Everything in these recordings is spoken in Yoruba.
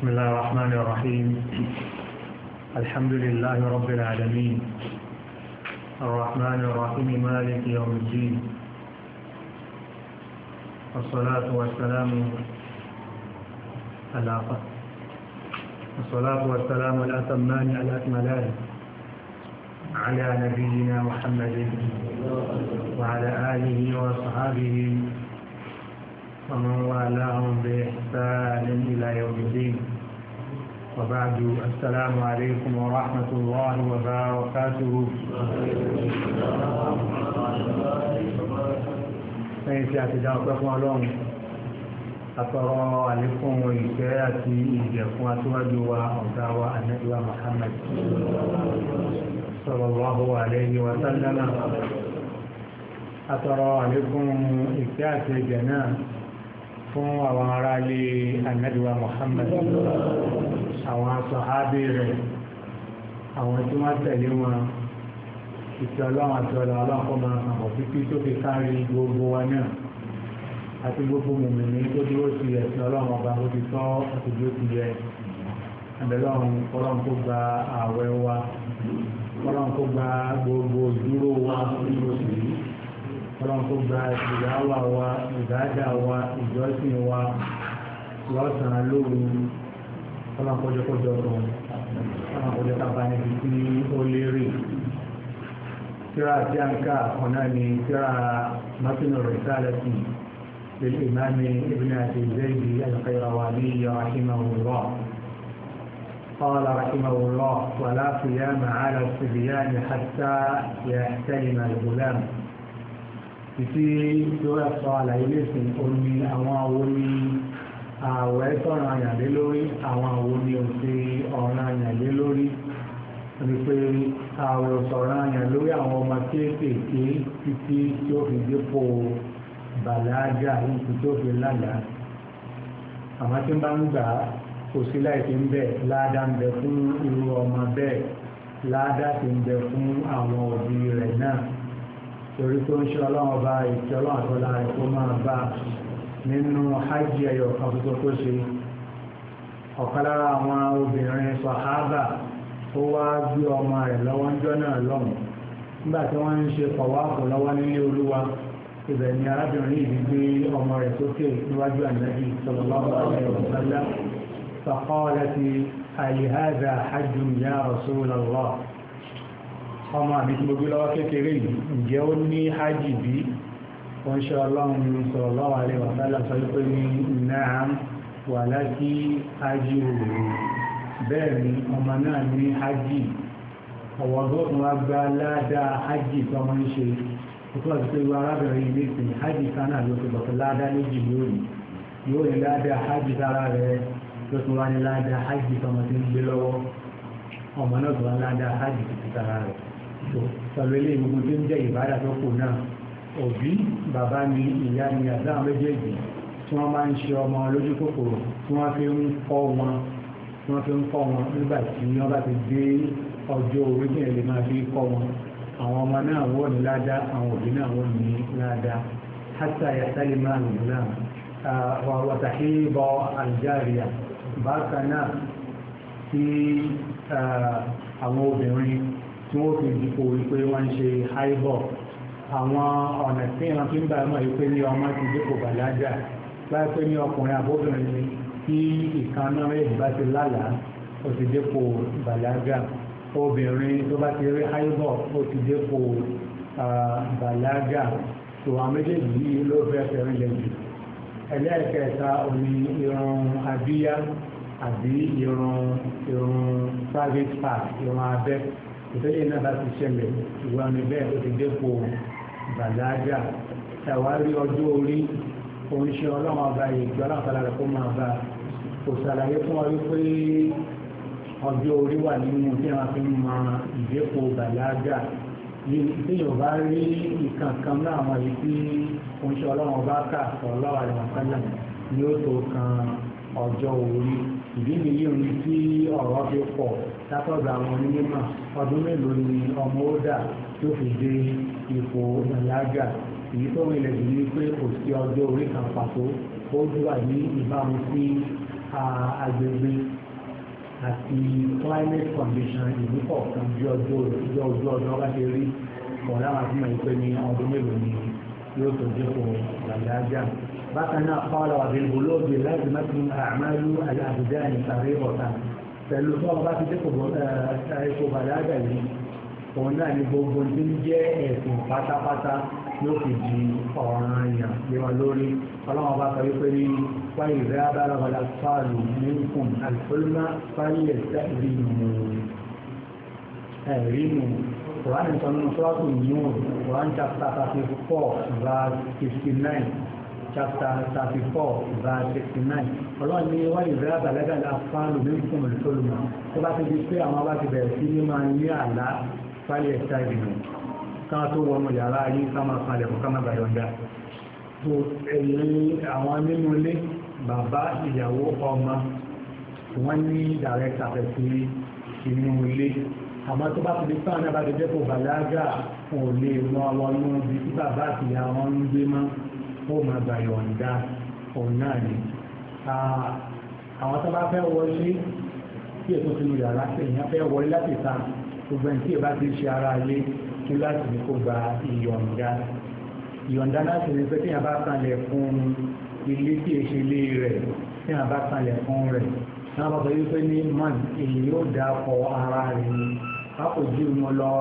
بسم الله الرحمن الرحيم الحمد لله رب العالمين الرحمن الرحيم مالك يوم الدين والصلاة والسلام الأقى الصلاة والسلام الأتمان الأكملان على نبينا محمد وعلى آله وصحابه ومن والاهم بإحسان إلى يوم الدين وبعد السلام عليكم ورحمة الله وبركاته lẹ́yìn tí a ti dá ọpẹ́ fún ọlọ́run àtọrọ àlékún ìfẹ́ àti ìjẹ̀kún aṣíwájú wa ọ̀gá wa anẹ́gbẹ́wà Muhammad sallallahu alayhi wa sallam àtọrọ àlékún ìfẹ́ àti ìjẹ̀ náà fún àwọn ará ilé anabiwa Muhammad àwọn sọ̀hábì rẹ̀ àwọn tí wọ́n tẹ̀lé wọn ìtì ọlọ́run àti ọ̀la ọlọ́run kọ́ máa hàn wọ́n títí tó fi kárí gbogbo wa náà àti gbogbo mùmìnì tó dúró sí ẹ̀sìn ọlọ́run ọba ó ti tọ́ àti bí ó ti yẹ ẹ̀bẹ̀lọ́run ọlọ́run kó gba ààwẹ̀ wa ọlọ́run kó gba gbogbo ìdúró wa nínú oṣù yìí. ọlọ́run tó gba ìyáwá wa ìdájà wa ìjọsìn wa lọ́sàn-án lóru ọlọ́run kọjọkọjọ kan ọlọ́run kọjọ kápá níbi tí ó lérè tíra tí a ń ká ọ̀nà ni tíra mọ́tínú rẹ̀ sáré sí للإمام ابن أبي زيد القيرواني رحمه الله قال رحمه الله ولا صيام على الصبيان حتى يحتلم الغلام títí lórí ẹ̀sọ àlàyé lẹ́sìn omi àwọn awo ni ààwẹ̀ sọ̀rọ̀ àyàlé lórí àwọn awo ni òfin ọ̀ràn àyàlé lórí ni pé ààwẹ̀ sọ̀rọ̀ àyàn lórí àwọn ọmọ kéékèèké títí tí ó fi dépò bàlágà nítorí tí ó fi lálàá àmọ́ tí ń bá ń gbà á kò sí láìsí ń bẹ láàdá ń bẹ fún irú ọmọ bẹ́ẹ̀ láàdá sì ń bẹ fún àwọn òbí rẹ̀ náà torí tó ń ṣe ọlọ́run ọba ìṣe ọlọ́run àtọ́lá rẹ̀ kó máa bá nínú hajj ẹ̀yọ̀ kan tuntun tó ṣe ọ̀kan lára àwọn obìnrin sàhábà ó wá gbé ọmọ rẹ̀ lọ́wọ́ ńjọ́ náà lọ́hùn nígbà tí wọ́n ń ṣe pọ̀wáàpọ̀ lọ́wọ́ nílé olúwa ibẹ̀ ni arábìnrin yìí gbé ọmọ rẹ̀ sókè níwájú ànábì sallallahu alaihi wasallam faqalat ọmọ àbí tí mo gbé lọ́wọ́ kékeré yìí ǹjẹ́ ó ní hajj bí wọ́n ṣe ọlọ́run sallallahu alaihi wa sallam sọ pé ní na'am walaki hajj òru bẹ́ẹ̀ ni ọmọ náà ní hajj ọ̀wọ́ tó tún wá gba ládàá hajj tọmọ ń ṣe nípa ti pé arábìnrin ilé ìsìn hajj kánà ló ti bọ̀ ládàá méjì lónìí yóò ní ládàá hajj sára rẹ̀ ló tún wá ní ládàá hajj tọmọ ti ń gbé lọ́wọ́ ọmọ náà tún wá ládàá ti sára rẹ̀ tó pẹ̀lú ilé gbogbo tó ń jẹ́ ìbára tó kù náà òbí bàbá mi ìyá mi àdáhùn méjèèjì tí wọ́n máa ń ṣe ọmọ lójú kòkòrò tí wọ́n fi ń kọ́ wọn tí wọ́n fi ń kọ́ wọn nígbà tí wọ́n bá ti dé ọjọ́ orí ní máa fi kọ́ wọn àwọn ọmọ náà wọ́n ní ládá àwọn òbí náà wọ́n ní ládá hátà yàtàlẹ́ máa ń lò náà wàtàkì bọ àlùjáàríà bákan náà tí àwọn obìnrin tí wọ́n fi dìpò wípé wọ́n ń ṣe haibọ̀ àwọn ọ̀nà tí ìran fi ń bá ọmọ yìí pé ní ọmọ ti dìpò bàlágà láì pé ní ọkùnrin àbóbìnrin ni tí ìkan náà méjì bá ti lálàá ó ti dìpò bàlágà obìnrin tó bá ti rí haibọ̀ ó ti dìpò bàlágà tó àwọn méjèèjì yìí ló fẹ́ fẹ́rin lẹ́yìn ẹlẹ́ẹ̀kẹta omi irun abíyá àbí irun irun private part irun abẹ́ ìtọ́jú náà bá ti ṣẹlẹ̀ ìwà mi bẹ́ẹ̀ ó ti dépò bàlágà ṣàwárí ọjọ́ orí oníṣẹ́ ọlọ́run ọba ìjọ aláǹfààní rẹ̀ kó máa bá kò ṣàlàyé fún ọ wípé ọjọ́ orí wà nínú tí wọ́n fi ń mọ ìdépò bàlágà tí yóò bá rí ìkankan náà àwọn yìí tí oníṣẹ́ ọlọ́run ọba kà sọ̀rọ̀ lọ́wọ́ àdìmọ̀kánlẹ̀ ni ó tó kan ọjọ́ orí ìdí nìyí òun tí ọ̀rọ̀ fi pọ̀ látọ̀dọ̀ àwọn onímọ̀ ọdún mélòó ni ọmọ ó dà tó fi dé ipò ìyáàgà èyí tó ń ilẹ̀ yìí pé kò sí ọjọ́ orí kan pàtó ó wà ní ìbámu sí agbègbè àti climate condition ìlú kọ̀ọ̀kan bí ọjọ́ ìjọ ojú ọjọ́ bá ṣe rí ọ̀rẹ́ àwọn àti mọ̀ ìpè ní ọdún mélòó ni yóò tó dé kò ìyáàgà bákan náà kọ́lọ̀ àbílgolóògbé láti mẹ́tún àmàlú aláàbùdá ní sàrí ọ̀tá pẹ̀lú tó ọba ti dẹ́kọ̀ ẹ̀kọ́ bàdágà yìí òun náà ni gbogbo tí ń jẹ́ ẹ̀sùn pátápátá ló fi di ọ̀ràn èèyàn lé wọn lórí ọlọ́wọ́n bá sọ wípé ní wáyé ìrẹ́ abárabalà fáàlù nínú àlùfólúmá fáyẹ̀ sẹ́ẹ̀rìnù ẹ̀rìnù kòránì sọ nínú sọ́ọ̀tù yìí wọn kòránì chapter thirty four verse fifty nine chapter thirty four verse sixty nine ọlọ́run ní wọ́n lè bẹ̀rẹ̀ àbàlẹ́gà la fáàlù ní ìfún olùtọ́lùmọ́ tó bá ti di pé àwọn bá ti bẹ̀rẹ̀ sí ní máa ní àlá fálẹ̀ ẹ̀ka ìgbìmọ̀ káwọn tó wọnú yàrá yìí ká máa palẹ̀ kó ká máa bàyọ̀ dá tó ẹ̀yìn àwọn nínú ilé bàbá ìyàwó ọmọ wọ́n ní dàrẹ́kítà fẹ̀ sí inú ilé àmọ́ tó bá fi fáwọn náà bá ti dẹ́kun bàlágà kò lè mọ àwọn ọmọ ibi tí bàbá àti ìyá wọn ń gbé mọ́ ó máa gbà yọ̀ǹda òun náà ni àwọn tó bá fẹ́ wọlé tí èso sínú yàrá èèyàn fẹ́ wọlé láti ta gbogbo ẹni tí ìbá ti ṣe ara ilé kí láti ní kó gba ìyọ̀ǹda ìyọ̀ǹda láti ní pé tí yàrá bá kalẹ̀ fún ilé tí èso ilé rẹ̀ tí yàrá bá kalẹ̀ fún rẹ̀ náà bá sọ wípé ní man èyí yóò dá ọ ara rẹ̀ ni àpòjì mo lọ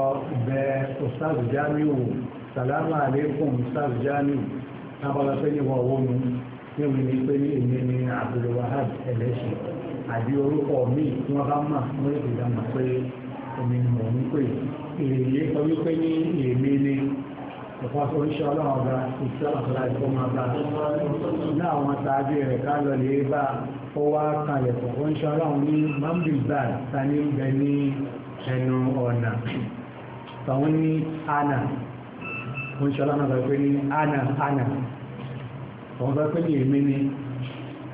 bẹ ọ̀sán àbújá mi wò sàlámù àlékún ọ̀sán àbújá mi wò tábàlá fẹ́ ní wọn wọ́n mi ní òun ní pé ní èmi ní Abdulwahab ẹlẹ́sìn àbí orúkọ mi tí wọ́n bá mà wọ́n lè dá mà pé èmi ni mò ń pè èyí sọ wípé ní èmi ni ọ̀pọ̀ sọ ń ṣe ọlọ́run ọba ìṣẹ́ ọ̀sọ̀lá ìfọ́ máa bá ní àwọn sáájú rẹ̀ ká lọ lè bá ó wá kalẹ̀ pọ̀ ó ọlọ́run ní mambilba ta ní bẹ ní ẹnu ọ̀nà tọ́hún ní ana wọ́n ṣe aláàmà pé ní ana ana wọ́n bá pé ní èmi ni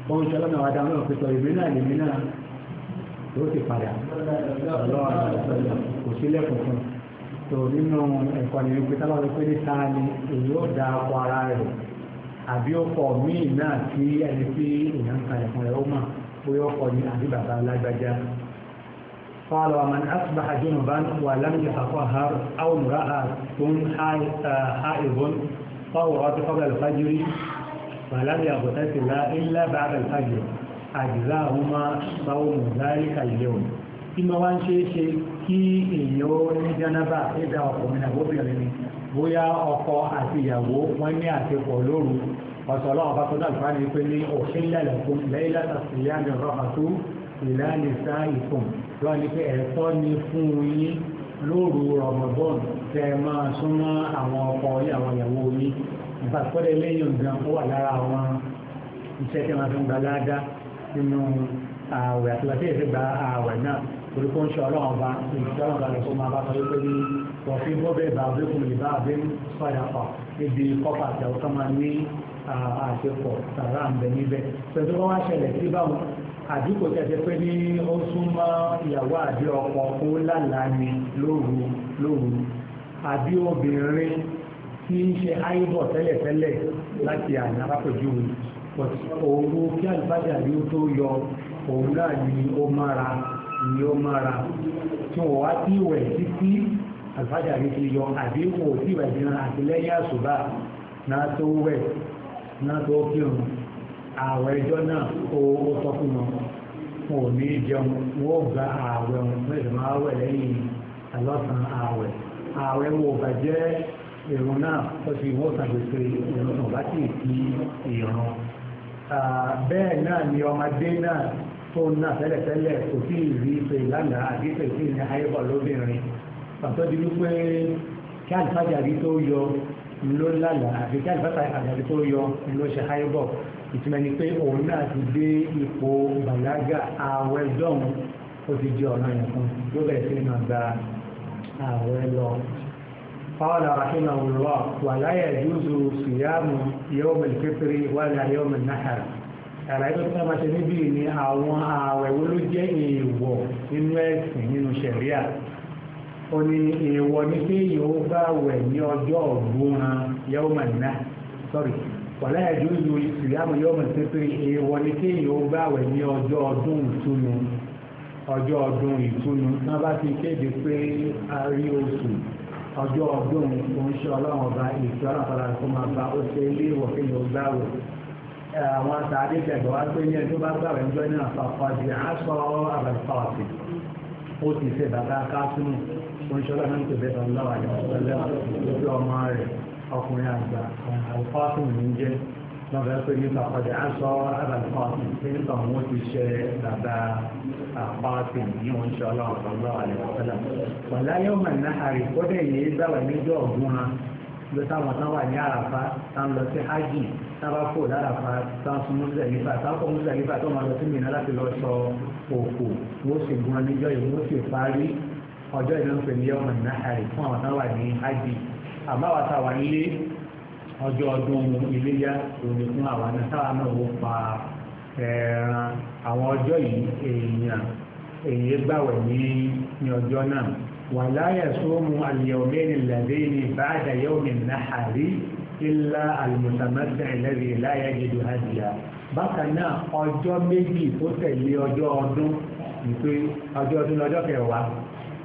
wọ́n ṣe aláàmà wà dáhùn pé sọ èmi náà lèmi náà yóò ti padà lọ́wọ́ kò sí lẹ́kùn tó nínú ẹ̀kọ́ ni wípé tábà wípé ní ta ni èyí ó da akọ ara rẹ̀ àbí ọkọ̀ míì náà tí ẹni tí èèyàn ń kalẹ̀ fún ẹ̀ ó mà bóyá ọkọ̀ ni àbí bàbá alágbájá قال ومن أصبح جنبا ولم يتطهر أو امرأة حائض طورت قبل الفجر فلم يغتسل إلا بعد الفجر أجزاهما صوم ذلك اليوم ìmọ̀ wá ń ṣe é ṣe kí èèyàn ó ní jẹ́nàbà ẹ̀dá ọkùnrin àbóbìnrin ni bóyá ọkọ àti ìyàwó wọ́n ní àtẹ̀pọ̀ lóru ọ̀sọ̀ ọlọ́run bá tó náà fún wa ní pé ní òṣèlú ẹ̀lẹ́kùn lẹ́yìn látàkùn ìyá mi rọ̀ àtúntò ìlàlẹ̀ sáàyè fún tó wà ní pé ẹ̀kọ́ ni fún yín lóru rọmọbọ́n tẹ máa súnmọ́ àwọn ọkọ yín àwọn ìyàwó yín ìfàkọ́lẹ̀ lẹ́yìn gan ó wà lára àwọn iṣẹ́ tí wọ́n fi ń gba ládá nínú ààwẹ̀ àti wàtí èsì gba ààwẹ̀ náà torí kó ń ṣe ọlọ́run ọba ìṣọ́lọ́run ọba lọ́kọ́ máa bá sọ wípé ní wọ́n fi bọ́ bẹ́ẹ̀ bá abẹ́kùn lè bá abẹ́kùn padà pọ̀ níbi kọ́pà àti àwọn máa ní àṣepọ̀ sàrà ń bẹ níbẹ̀ pẹ̀lú wọ́n wá ṣẹlẹ̀ sí báwọn àbí kò tẹ̀sẹ̀ pé ní ó súnmọ́ ìyàwó àbí ọkọ ó lálàá ni lóru lóru àbí obìnrin tí ń ṣe áìbọ̀ tẹ́lẹ̀tẹ́lẹ̀ láti àná arápẹ̀júwe òru kí àlùfáàjà ni ó tó yọ òun náà ni ó mára ni ó mára tí wọ́n wá sí ìwẹ̀ títí àlùfáàjà ni ti yọ àbí wò sí ìwẹ̀ ìdíran àti lẹ́yìn àṣùbà náà tó wẹ̀ náà tó kírun ààwẹ̀ ẹjọ́ náà ó tọ́ fún wọn wọn ò ní jẹun wọn ò gba ààwẹ̀ wọn wọn èdè máa wẹ̀ lẹ́yìn àlọ́sàn ààwẹ̀ ààwẹ̀ wọn ò bàjẹ́ ìrun náà ó sì wọ́n ṣàgbèsè ìrun tó bá sì fi ìrun bẹ́ẹ̀ náà ni ọmọdé náà tó ń ná tẹ́lẹ̀tẹ́lẹ̀ kò tí ì rí ife ìlànà àti ife ìfìyàn ayébọ̀ lóbìnrin pàtó di wípé kí àlùfáàjà rí tó yọ ló lálà àfi tí àlùfáà àdàlù tó yọ ló ṣe háìbọ̀ ìtumọ̀ ni pé òun náà ti dé ipò bàlágà ààwẹ̀ dọ́hùn ó ti di ọ̀nà yẹn fún yóò bẹ̀rẹ̀ sí máa gba ààwẹ̀ lọ. قال رحمه الله ولا يجوز صيام يوم الفطر ولا يوم النحر àlàyé tó máa ṣe níbí ni àwọn ààwẹ̀ wo ló jẹ́ èèwọ̀ nínú ẹ̀sìn nínú ṣẹ̀ríà ó ní èèwọ̀ ní pé yóò bá wẹ̀ ní ọjọ́ ọ̀gbọ́n yóò mọ̀ ní náà sọ́rí wàlá ẹ̀dùn ìlú ìsìlámù yóò mọ̀ sí pé èèwọ̀ ní pé yóò bá wẹ̀ ní ọjọ́ ọdún ìtúnu ọjọ́ ọdún ìtúnu náà bá ti kéde pé a rí oṣù ọjọ́ ọdún oúnjẹ ọlọ́run ọba ìtura ọ̀pọ̀lọpọ̀ kó máa ba ó ṣe ilé ìwọ̀ kí yóò gbá wò àwọn àtàdé tẹ̀gbọ́ wá pé ní ẹjọ́ bá gbà wẹ́ńjọ́ náà fàfọ́ di aṣọ àbẹ̀fọ́ ọ̀sìn ó ti ṣe bàbá káfíńù oníṣọ́lá náà ń tẹ̀lé ọlọ́wà ìwọ̀sọ́lá lórí ọmọ rẹ̀ ọkùnrin àgbà alfáàfin ní jẹ́ lọ́bẹ̀ pé nípa padà á sọ abalfáàfin pé nípa wọn ti ṣe bàbá àfáàfin ní oníṣọ́lá ọlọ́wà ìwọ̀sọ́lá wàlá yóò mọ̀ náà àrí kọ́dẹ̀ yìí gbàgbà níjọ́ ọ̀gbun ha ló táwọn tán wà ní àràfá tán lọ sí hajj tán bá kó láràfá tán sún mùsùlùmí tán kó mùsùlùmí tó máa lọ sí mìíràn láti lọ sọ òkú wọ́n sì gun ẹnìjọ́ yìí wọ́n sì parí ọjọ́ ìlú ń pè ní ọmọ ìnáhàrì fún àwọn táwọn wà ní hajj àmọ́ àwọn táwọn nílé ọjọ́ ọdún iléyà òní fún àwọn náà táwọn náà wò pa ẹran àwọn ọjọ́ yìí èèyàn èyí gbàwẹ̀ ní ní ọjọ́ náà wàlá yasumu al-yawmaini alladhaini ba'da yawmi an-nahari illa al-mutamatta'u alladhi la bákan náà ọjọ́ méjì tó tẹ̀lé ọjọ́ ọdún ìpè ọjọ́ ọdún lọ́jọ́ kẹwàá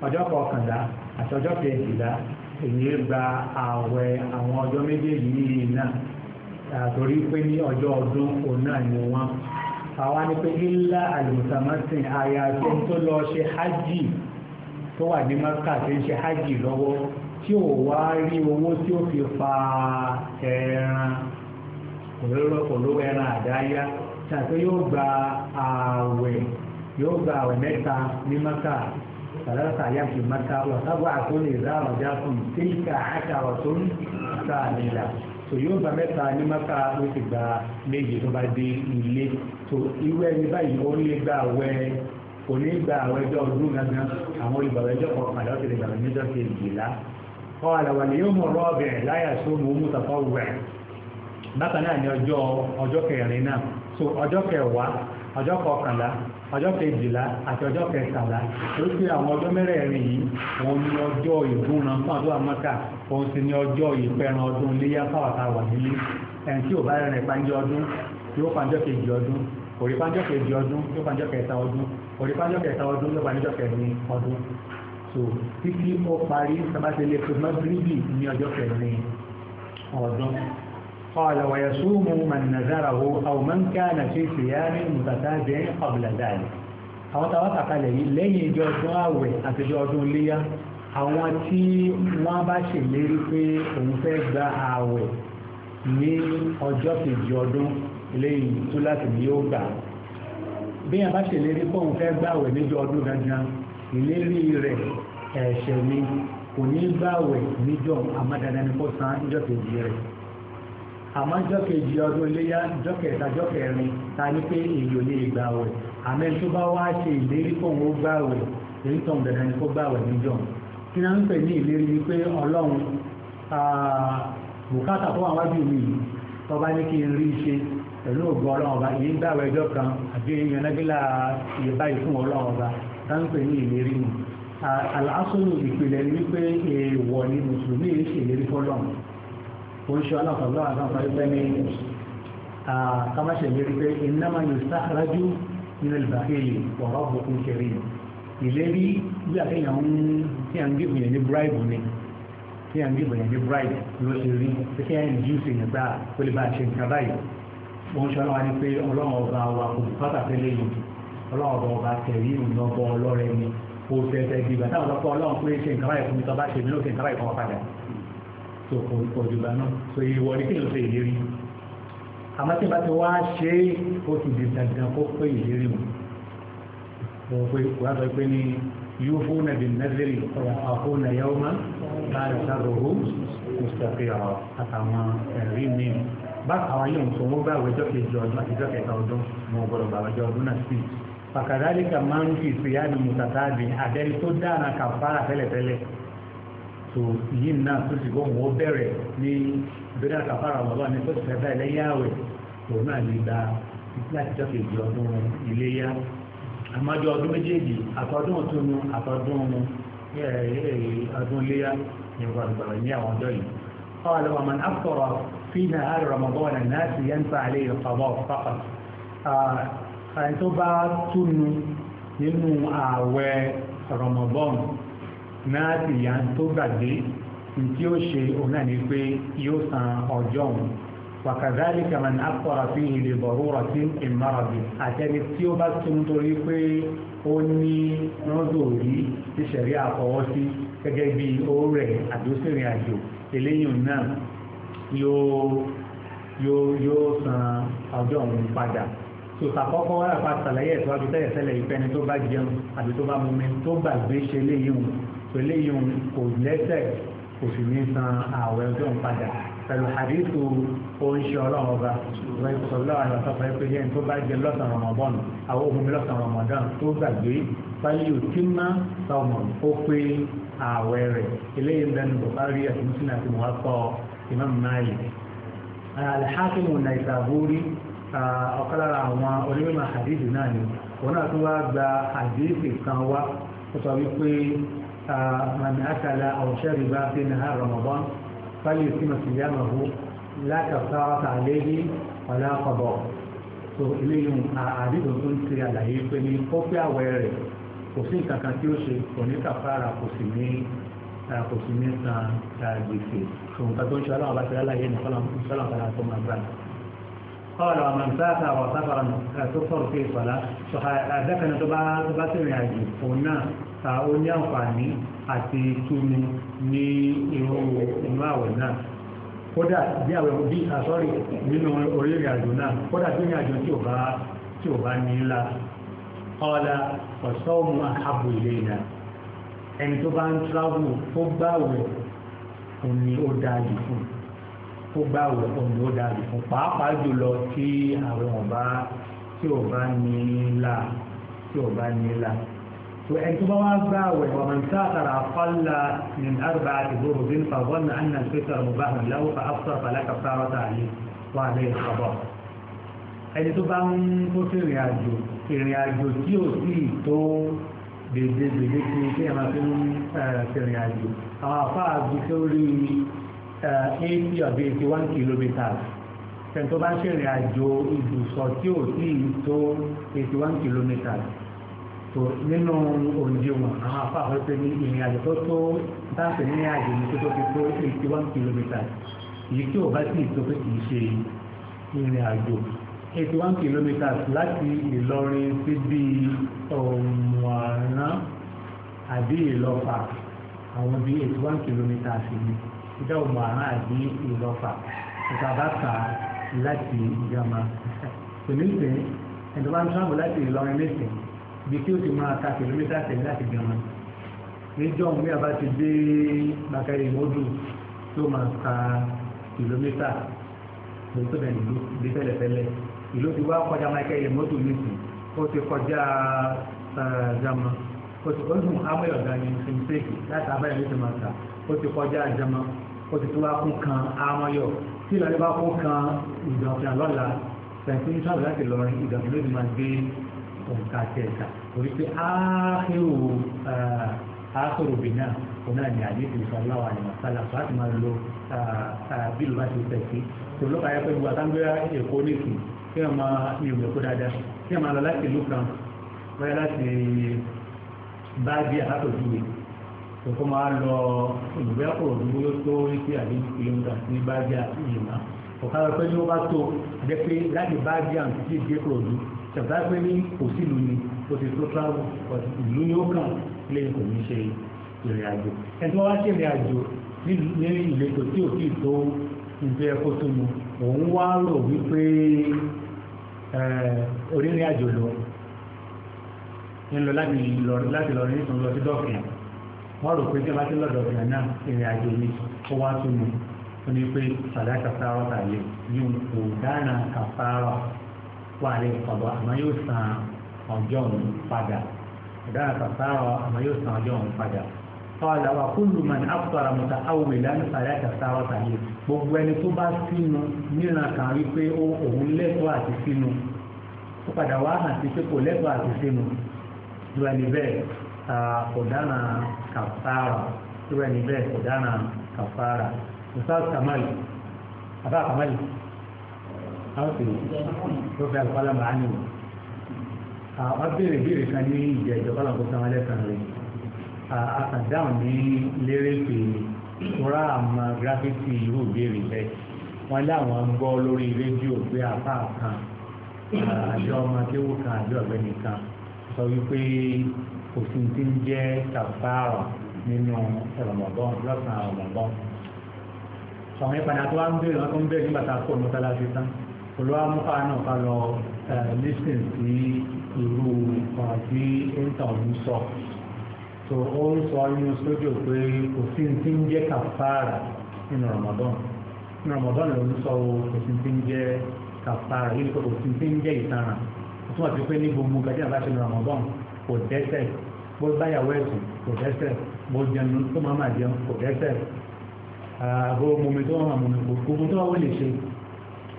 ọjọ́ kọkànlá àti ọjọ́ kẹrìnlá èyí gba ààwẹ̀ àwọn ọjọ́ méjèèjì yìí náà torí pé ní ọjọ́ ọdún òun náà ni wọ́n àwa ni pé ilá àlùmùsàmásìn àyà tó ń tó lọ ṣe hajj tó wà ní maka tó ń ṣe hajj lọ́wọ́ tí ò wá rí owó tí ó fi pa ẹran òróró ẹran àdáyá ṣàtúnyó gba ààwẹ̀ yóò gba ààwẹ̀ mẹ́ta ní maka ثلاثة أيام في مكة وسبعة إذا رجعتم تلك عشرة كاملة tò yóò gba ní maka ó ti gba méje tó bá dé ilé tò irú ẹni báyìí ó lè gba àwẹ̀ kò ní gba àwẹ̀ ẹjọ́ ọdún gangan àwọn olùgbàwẹ̀ ẹjọ́ kọkànlá láti lè gbàgbé níjọ́ kejìlá kọ́ àlàwà ni yóò mọ̀ rọ́ọ̀bẹ̀ láyà tó mú mú tàfà wẹ̀ bákan náà ni ọjọ́ ọjọ́ kẹrin náà so ọjọ́ kẹwàá ọjọ́ kọkànlá ọjọ́ kejìlá àti ọjọ́ kẹtàlá torí pé àwọn ọjọ́ mẹ́rẹ̀ẹ̀rin yìí òun ni ọjọ́ ìdúnran fún àdúrà mọ́ta òun sì ni ọjọ́ ìpẹran ọdún iléyà fáwọ̀tà wà nílé ẹni tí ò bá rẹ̀rìn pàǹjẹ́ ọdún yóò pàǹjọ́ kejì ọdún òrí pàǹjọ́ kejì ọdún yóò pàǹjọ́ kẹta ọdún òrí pàǹjọ́ kẹta ọdún yóò pàǹjọ́ kẹrin ọdún so títí ó parí sábàtẹ́lẹ̀ fún mọ́gíríbì ní ọjọ́ kẹrin ọdún قال ويصوم من نذره أو من كان في صيام متتابع قبل ذلك àwọn tàwọn àkàlẹ̀ yìí lẹ́yìn ìjọ ọdún àwẹ̀ àti ìjọ ما باش àwọn tí wọ́n bá ṣèlérí pé òun fẹ́ gba àwẹ̀ ní ọjọ́ kejì ọdún lẹ́yìn tó láti ní yóò gbà bí wọ́n bá ṣèlérí pé òun fẹ́ gba níjọ ọdún gangan ìlérí rẹ̀ ẹ̀ṣẹ̀ ni kò ní gbà níjọ àmọ́ dandan níjọ kejì rẹ̀ àmọ́ jọ́kejì ọdún iléyá jọ́kẹta jọ́kẹrin ta ní pé èyí ò lè gbà wẹ̀ àmọ́ tó bá wá ṣe ìlérí kó òun ó gbà wẹ̀ èyí tó ń bẹ̀rẹ̀ ni kó gbà wẹ̀ níjọ́ kí náà ń pè ní ìlérí ni pé ọlọ́run bùkátà tó wà wájú mi tọ́ba ní kí n rí ṣe pẹ̀lú ògùn ọlọ́run ọba èyí ń gbà wẹ̀ ẹjọ́ kan àbí ìyànnágbélà ìyẹ̀bá ìfún ọlọ́run ọba tá ń pè ní ìlérí oríṣi aláfàlọ́ àtàfàlọ́ ní kamáṣẹ́ lérí pé iná máa yóò sáàrájú nínú ìbáfẹ́lì ọ̀rọ̀ bùkún kẹrì ìlérí bí àtẹ̀yàn tí a ń gbé ìyẹn ní bribe ni tí a ń gbé ìyẹn ní bribe ló ṣe rí pé kí a ń jú sí ìyẹn gbà ó lè bá a ṣe nǹkan báyìí wọ́n ṣe ọlọ́wà ní pé ọlọ́run ọba wa kò bùkátà fẹ́lẹ́ yìí ọlọ́run ọba ọba kẹrì ìrùnà ọlọ́rẹ̀ ni kò fẹ́ẹ́ fẹ́ẹ́ gbé tó kò ìpọ̀jù gbà náà tó ìwọ ní kéèyàn ṣe ìlérí àmọ́ tí bá ti wá ṣe é ó ti di dandan kó pé ìlérí o mo pe wàá sọ pé ní yóò fún nàbì nàzírì ọ̀rọ̀ àfún nàyà ọmọ bá rẹ̀ sáré owó kò sàfẹ́ ọ̀rọ̀ àtàwọn ẹ̀rí mi bá àwọn yóò sọ wọn bá àwẹjọ máa ń fi ìsìyá ni mùsàtà àdé àdẹni tó dára kàfàrà fẹ́lẹ́fẹ́lẹ́ so yìí náà tó ti gbọ́ wọ́n bẹ̀rẹ̀ ní bẹ́rẹ̀ àkàfàrà bàbá mi tó ti fẹ́ báyìí lẹ́yìn àwẹ̀ òun náà lè gba láti jọ́ kejì ọdún iléyà àmọ́jọ ọdún méjèèjì àtọ́dún ọ̀túnú àtọ́dún ọdún iléyà ní ọgbà ìgbàlá ní àwọn ọjọ́ yìí. قال ومن أفطر في نهار رمضان الناس ينفع عليه القضاء فقط ẹni tó bá túnu nínú ààwẹ̀ náà sì yá tó gbàgbé tí ó ṣe òun náà ni pé yóò san ọjọ́ òun wàkàdáàlì kàmán akọ̀rọ̀ fi ìlè bọ̀rúrọ̀ sí ìmọ̀ràbí àtẹni tí ó bá tún torí pé ó ní rọ́dòrí ti ṣẹ̀rí àkọ́wọ́ sí gẹ́gẹ́ bí oórẹ̀ àdósìnrìn àjò eléyìí náà yóò yóò yóò san ọjọ́ òun padà sòtàkọ́kọ́ wọ́n rà ẹ̀tọ́ àbí tẹ́lẹ̀ tẹ́lẹ̀ ìfẹ́ni tó bá jẹun àbí tó bá mumi tó gbàgbé ṣe léyìí òun pẹ̀lú ìyọ̀n kò lẹ́sẹ̀ kò sì ní san ààwẹ̀ ọjọ́ ń padà pẹ̀lú àdínkù oríṣi ọlọ́run ọba ìwé ìsọ̀lọ́ àlọ́sọ̀fọ̀ ẹ pé yẹn tó bá jẹ lọ́sàn rọmọbọ́n àwọn ohun mi lọ́sàn rọmọdán tó gbàgbé báyìí ò tí má sọmọ ó pé ààwẹ̀ rẹ̀ eléyìí ń bẹnu bùkárí àti mùsùlùmí àti mùwákọ́ Imam Malik alihakimu naisaburi ọ̀kan lára àwọn onímọ̀ àdínkù náà ni òun náà tún wá gba àdínkù kan wá ó sọ wípé من أكل أو شرب في نهار رمضان فليتم صيامه لا كفارة عليه ولا قضاء so eléyìí àdìgbò tó ń ṣe àlàyé pé ní kọ́pẹ́ àwẹ̀ rẹ̀ kò sí nǹkan kan tí ó ṣe kò ní kàfàrà kò sì ní kò sì ní san gbèsè so nǹkan tó ń ṣe aláwọ̀ bá ṣe aláyé ní sọ́lá padà tó máa gbà. قال ومن فات وسفرا تكفر في صلاة فهذا كان تبع تبع سمع الجيل ó ní àǹfààní àti túnú ní irú inú àwẹ̀ náà kódà bí àwẹ̀ bí àsọ́rí ah, nínú orí ìrìn àjò náà kódà bí ìrìn àjò tí ò bá tí ò bá ní ńlá ọ̀la ọ̀sọ́ ọmọ àbò ilé ìlà ẹni tó bá ń tíráwù ó gbàwẹ̀ òní ó dáàbì fún ó gbàwẹ̀ òní ó dáàbì fún pàápàá jùlọ tí àwọn ọba tí ò bá ní ńlá tí ò bá ní ńlá. فأنتما أربع ومن سافر أقل من أربعة برد فظن أن الفطر مباح له فأفطر فلا كفارة عليه وعليه الخبر ẹni tó bá ń kó sí ìrìn àjò ìrìn àjò tí ò sí tó dèdè dèdè tí kí ẹ máa fi ń ṣìrìn àjò àwọn àfáà ju tí ó rí eighty ọ̀dẹ́ eighty one kilometres ẹni bá ń ṣìrìn àjò ibùsọ̀ tí ò sí tó eighty one kilometres tó nínú òǹdí wọn àwọn afáfẹ́ pé ní ìrìn àjò tó tó táàpì ní àjò ní tó fi tó eighty one kilometres èyí tí ò bá sì tó pé kì í ṣe ìrìn àjò eighty one kilometres láti Ìlọrin sí bí ọ̀mùwàrán àbí Ìlọ́fà àwọn bí eighty one kilometres ni ìdá ọ̀mùwàrán àbí Ìlọ́fà ìtàbàtà láti ìjàmà tòmísìn ẹ̀dọ́ bá ń sábà láti Ìlọrin lẹ́sìn bí tí ó ti máa ta kìlómítà tẹ̀lé láti gbẹ̀mọ́ níjọ́ òun bí a bá ti dé bàkàrẹ̀ ìmọ́dù tó máa ta kìlómítà lórí tó bẹ̀rẹ̀ ìlú bí tẹ́lẹ̀tẹ́lẹ̀ ìlú ti wá kọjá mákẹ́ ìmọ́dù nìkú ó ti kọjá jama ó ti kọjú amóyọ̀dá ní finteki láti abáyọ̀ ní ti máa ta ó ti kọjá jama ó ti tún wá kún kan amóyọ̀ tí ìlànà bá kún kan ìdàkùn àlọ́la tẹ̀síńtà láti lọrin ìdàkùn ló ti máa gbé òǹkà kẹta torí pé áhìrò áhìrò bìnà òun náà ní àyè ìfìlẹ̀ sọ́láwà ní masala tó láti máa lo bílù bá ti tẹ̀ sí tó lọ́pàá yẹ pé gbogbo àtàgbéra èkó nìkì kí wọ́n máa yòwò èkó dáadáa kí wọ́n máa lọ láti ìlú kan bóyá láti bá bí àtàkùnjúwe kókó máa ṣẹ̀dá pé ní kò sí ìlú ni ó ti tó travel ìlú ni ó kàn lẹ́yìn kò ní ṣe ìrìn àjò ẹni tí wọ́n wá ṣe ìrìn àjò ní ìletò tí ò tí ì tó ìgbé ẹ̀kọ́ tó mu òun wá rò wípé orírìn àjò lọ ńlọ láti lọ nítorí lọ sí dọ́kìn wọ́n rò pé tí a bá ti lọ́dọ̀ ọ̀gá náà ìrìn àjò ni ó wá tó mu ó ní pé sàdá kàfàrà tàlẹ́ yóò kò dáná kàfàrà wà lè kọ̀dọ̀ àmọ́ yóò san ọjọ́ òun padà ọ̀daràn kàfàrà àmọ́ yóò san ọjọ́ òun padà kọ́ọ̀lá wa kúlù mọ̀ ní àpòtọ́ra mọ̀tà àwòrán ìlànà sàrẹ́ àtàkùn tàbí gbogbo ẹni tó bá sínú níran kan wípé òun lẹ́tọ̀ọ́ àti sínú ó padà wá hàn sí pé kò lẹ́tọ̀ọ́ àti sínú ju ẹni bẹ́ẹ̀ ọ̀daràn kàfàrà ju ẹni bẹ́ẹ̀ ọ̀daràn kàfàrà musa kamali abá kamali káwọ́pẹ̀ tó fi àgbàlá màá nì wọ́n béèrè béèrè kan ní ìjẹ́ ìjọba làwọn kọ́sán alẹ́ kan rẹ̀ àkàndáhùn ní lérè pé rà àmà gírafítì irú béèrè bẹ́ẹ̀ wọ́n láwọn gbọ́ lórí rédíò pé apá kan àjọ ọmọ akéwò kan àjọ ọ̀gbẹ́ni kan sọ wípé òfin ti ń jẹ́ kàfàrà nínú Ramadan lọ́sàn-án Ramadan. àwọn ìpàdé àti wá ń béèrè wọn tó ń béèrè nígbà tá a kó ọmọ tálá fi tán pẹ̀lú amúfà náà ká lọ lísìn sí irú ọ̀rọ̀ tí ẹ̀ńtà òun sọ tó ó ń sọ nínú sójú pé kò sí ní ti ń jẹ́ kàfàrà nínú Ramadan nínú Ramadan ló ń sọ kò sí ní ti ń jẹ́ kàfàrà yìí kò sí ní ti ń jẹ́ ìtanràn ó túmọ̀ sí pé ní gbogbo gàdí àbáṣe nínú Ramadan kò dẹ́ṣẹ̀ bó báyàwó ẹ̀sùn kò dẹ́ṣẹ̀ bó jẹun tó máa máa jẹun kò dẹ́ṣẹ̀ àgbo mọ̀mí tó máa mọ̀mí kò gbogbo tó wà wọ́n ṣe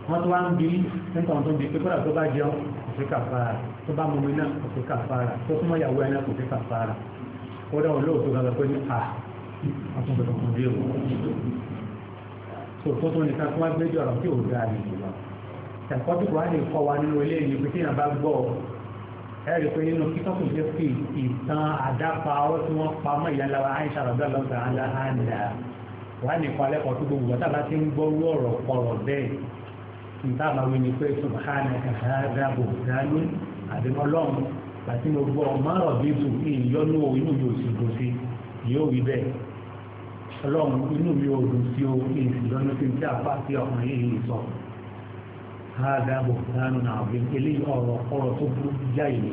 wọ́n tó wá ń bí nípa ọ̀tún bíi pé kódà tó bá jẹun kò sí kàfàrà tó bá mọmi náà kò sí kàfàrà tó súnmọ́ ìyàwó ẹ̀ náà kò sí kàfàrà kódà olóòtú gbàgbọ́ pé ní à ọ̀tún bẹ̀rẹ̀ kò dé o tó tó tó nìkan kí wọ́n gbé jọ ọ̀rọ̀ tí ò dáa ní ìlú ẹ̀kọ́ tó wà ní ìkọ́ wa nínú ilé ìlú pé téèyàn bá gbọ́ ẹ rí i pé nínú kíkọ́kùn jẹ́ pé ìtàn àdápa ọ tí wọ́n pa mọ́ ìyá ńláwa àìsà rọ̀gbẹ́ lọ́sàn-án ńlá àná wà ní ìkọ́ alẹ́kọ̀ọ́ tó gbogbo wọ́tà bá ti ń gbọ́ orú ọ̀rọ̀ bẹ́ẹ̀ nta àmàwé ni pé subhana kahada bòtánu àdìmọ́ lọ́hùn àti mo gbọ́ márùn bíbù kí ìyọnu inú yóò sì dùn sí yóò wí bẹ́ẹ̀ ọlọ́run inú mi ò dùn sí o kí n sì yọnu sí ti àpá sí ọkùnrin yìí sọ kahada bòtánu náà wí eléyìí ọ̀rọ̀ ọ̀rọ̀ tó burú jáì ni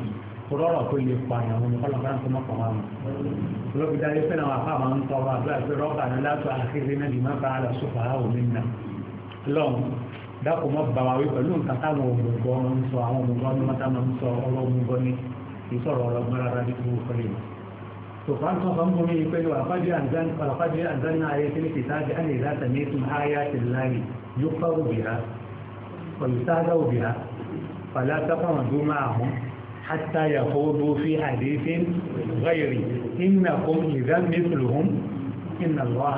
rọrọ tó lè pa àwọn ọlọ́pàá tó mọ̀ kọ́mọ́ mi olókìtà yìí fẹ́ràn àwọn afá máa ń tọrọ àdúrà pé rọ́bà ni látọ̀ àkéré náà lè má bá a lọ sọ́fà á òmìnira lọ́hùn dákun mọ́ bàbá wí pẹ̀lú nǹkan táwọn òmùgọ̀ ọmọ ń sọ àwọn òmùgọ̀ ọmọ mọ́tà máa ń sọ ọ̀rọ̀ òmùgọ̀ ni kì í sọ̀rọ̀ ọ̀rọ̀ gbọ́dọ̀ rárá bí kúrò fẹ́lẹ̀ yìí. سبحان الله فهم من يقول ولقد أنزلنا ولقد أنزلنا آيات الكتاب أن إذا سمعتم آيات الله يكفر بها ويستهزأ بها فلا تقعدوا معهم حتى يخوضوا في حديث غيره إنكم إذا مثلهم إن الله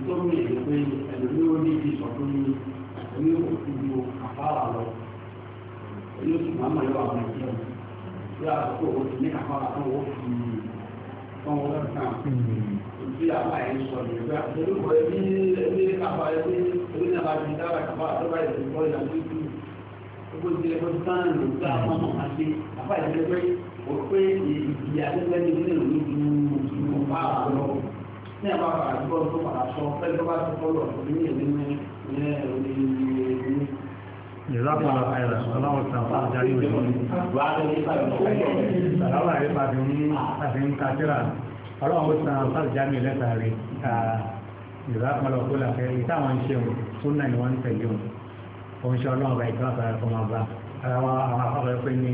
ìtọ́jú èyí pé ẹlòmí ó ní ibi ìsọ̀tún ní ẹ̀mí òkú ju lọ èyí ó sì máa ń lọ àwọn tí a kó o ti ní àfárá tó wọ́n fi tán wọ́n kàn tí àbá yẹn sọ ní ìgbà lórúkọ ẹbí ẹbí àbá ẹbí ẹbí náà bá ti dára àbá àtọ́bá ìdìbò bọ́ ìyá tó kú gbogbo ti ẹgbẹ́ sáà ló gbá ọmọ kan sí àbá ìdílé pé òpé ìdí àdéhùn ní àbá àdúgbò tó padà sọ pẹ́lú bá ti fọ́lọ̀ ní ìlú ní ilé ẹ̀rọ ní ìlú ní. ìrápọ̀lọ̀ àìrà ọlọ́wọ́ sàfà àjárí òjò ní. ọlọ́wọ́ àìrà ti ń àti ń ka síra ọlọ́wọ́ sàfà àjárí lẹ́sàárì ka ìrápọ̀lọ̀ kó làfẹ́ ìtàwọn ń ṣe òun ni wọ́n ń tẹ̀lé òun òun ṣe ọlọ́wọ́ bá ìtura sàrà fún ọba ara wa àwọn afọ́fẹ́ pé ní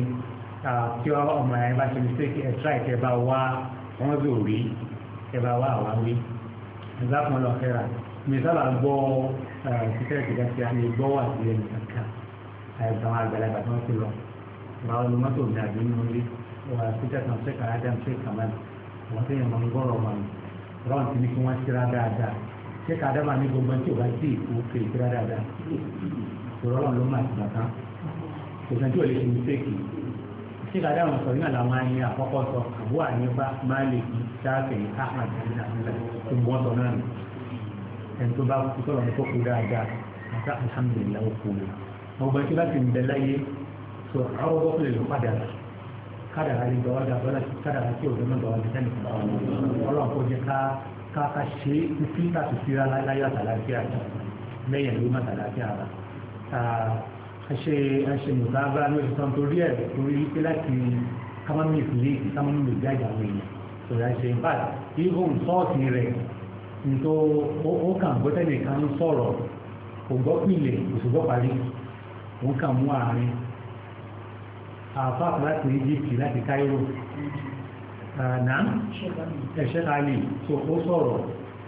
tí ọmọ ẹ̀ bá ṣe mistake ẹ̀ tíráì tẹ́ bá wá wọ́n zò rí ẹ̀bà wa àwa wí ẹ̀dá kan lọ kẹ́ra mi sábà gbọ́ tíkẹ́ẹ̀tì kẹ́kẹ́ àmì gbọ́ wà sí ẹ̀mí kankan àìsàn àgbàlagbà tó ń ti lọ báwo ni mọ́tò mi àbí inú ilé wà síkẹ́ kan ṣe kàrá dá ṣe kàmá àwọn tó yẹ mọ́ ń wọn ni rọ́ọ̀n ti ní kí wọ́n ṣíra dáadáa ṣé kàdá máa ní gbogbo tí o bá tí ìkú kè ṣíra dáadáa rọ́ọ̀n ló máa ti bàtà kò sẹ́ni tí o lè ṣe mistake ṣé kàdá àwọn sọ̀rọ̀ náà làwọn ayé àkọ́kọ́ sọ àbúrò àníbá máa lè kí Shafi'i Ahmad ìmọ̀tọ̀ náà ni ẹni tó bá kú sọ̀rọ̀ ní kókó dáadáa àti alhamdulilayi ó kú mi ọgbà tí bá ti ń bẹ láyé sọ àwọn ọgbà fúnlẹ̀ ló padà rà kádàrá lè gbà wá dà bọ́lá kádàrá tí òun náà gbà wá dà sẹ́ni kọ́ ọlọ́run kò jẹ́ ká ká ká ṣe é títí láti fi ra láyé àtàlàfíà rẹ̀ lẹ́yìn ló má tàlàfíà rà ẹ ṣe ẹ ṣe nùbá bá lóṣù tán torí ẹ̀ torí pé láti kámámì ìfìlẹ́ ìfì kámámì ìgbà ìyàwó èèyàn sọ̀rọ̀ àìṣe ìbá ihun sọ́ọ̀tì rẹ̀ nítò ó kàn gbọ́tẹ́ nìkan ń sọ̀rọ̀ kò gbọ́ pìlẹ̀ òṣùgbọ́ parí òun kàn mú àárín àfáà láti Egypt láti Cairo àná ẹ̀ṣẹ́ kálí tó ó sọ̀rọ̀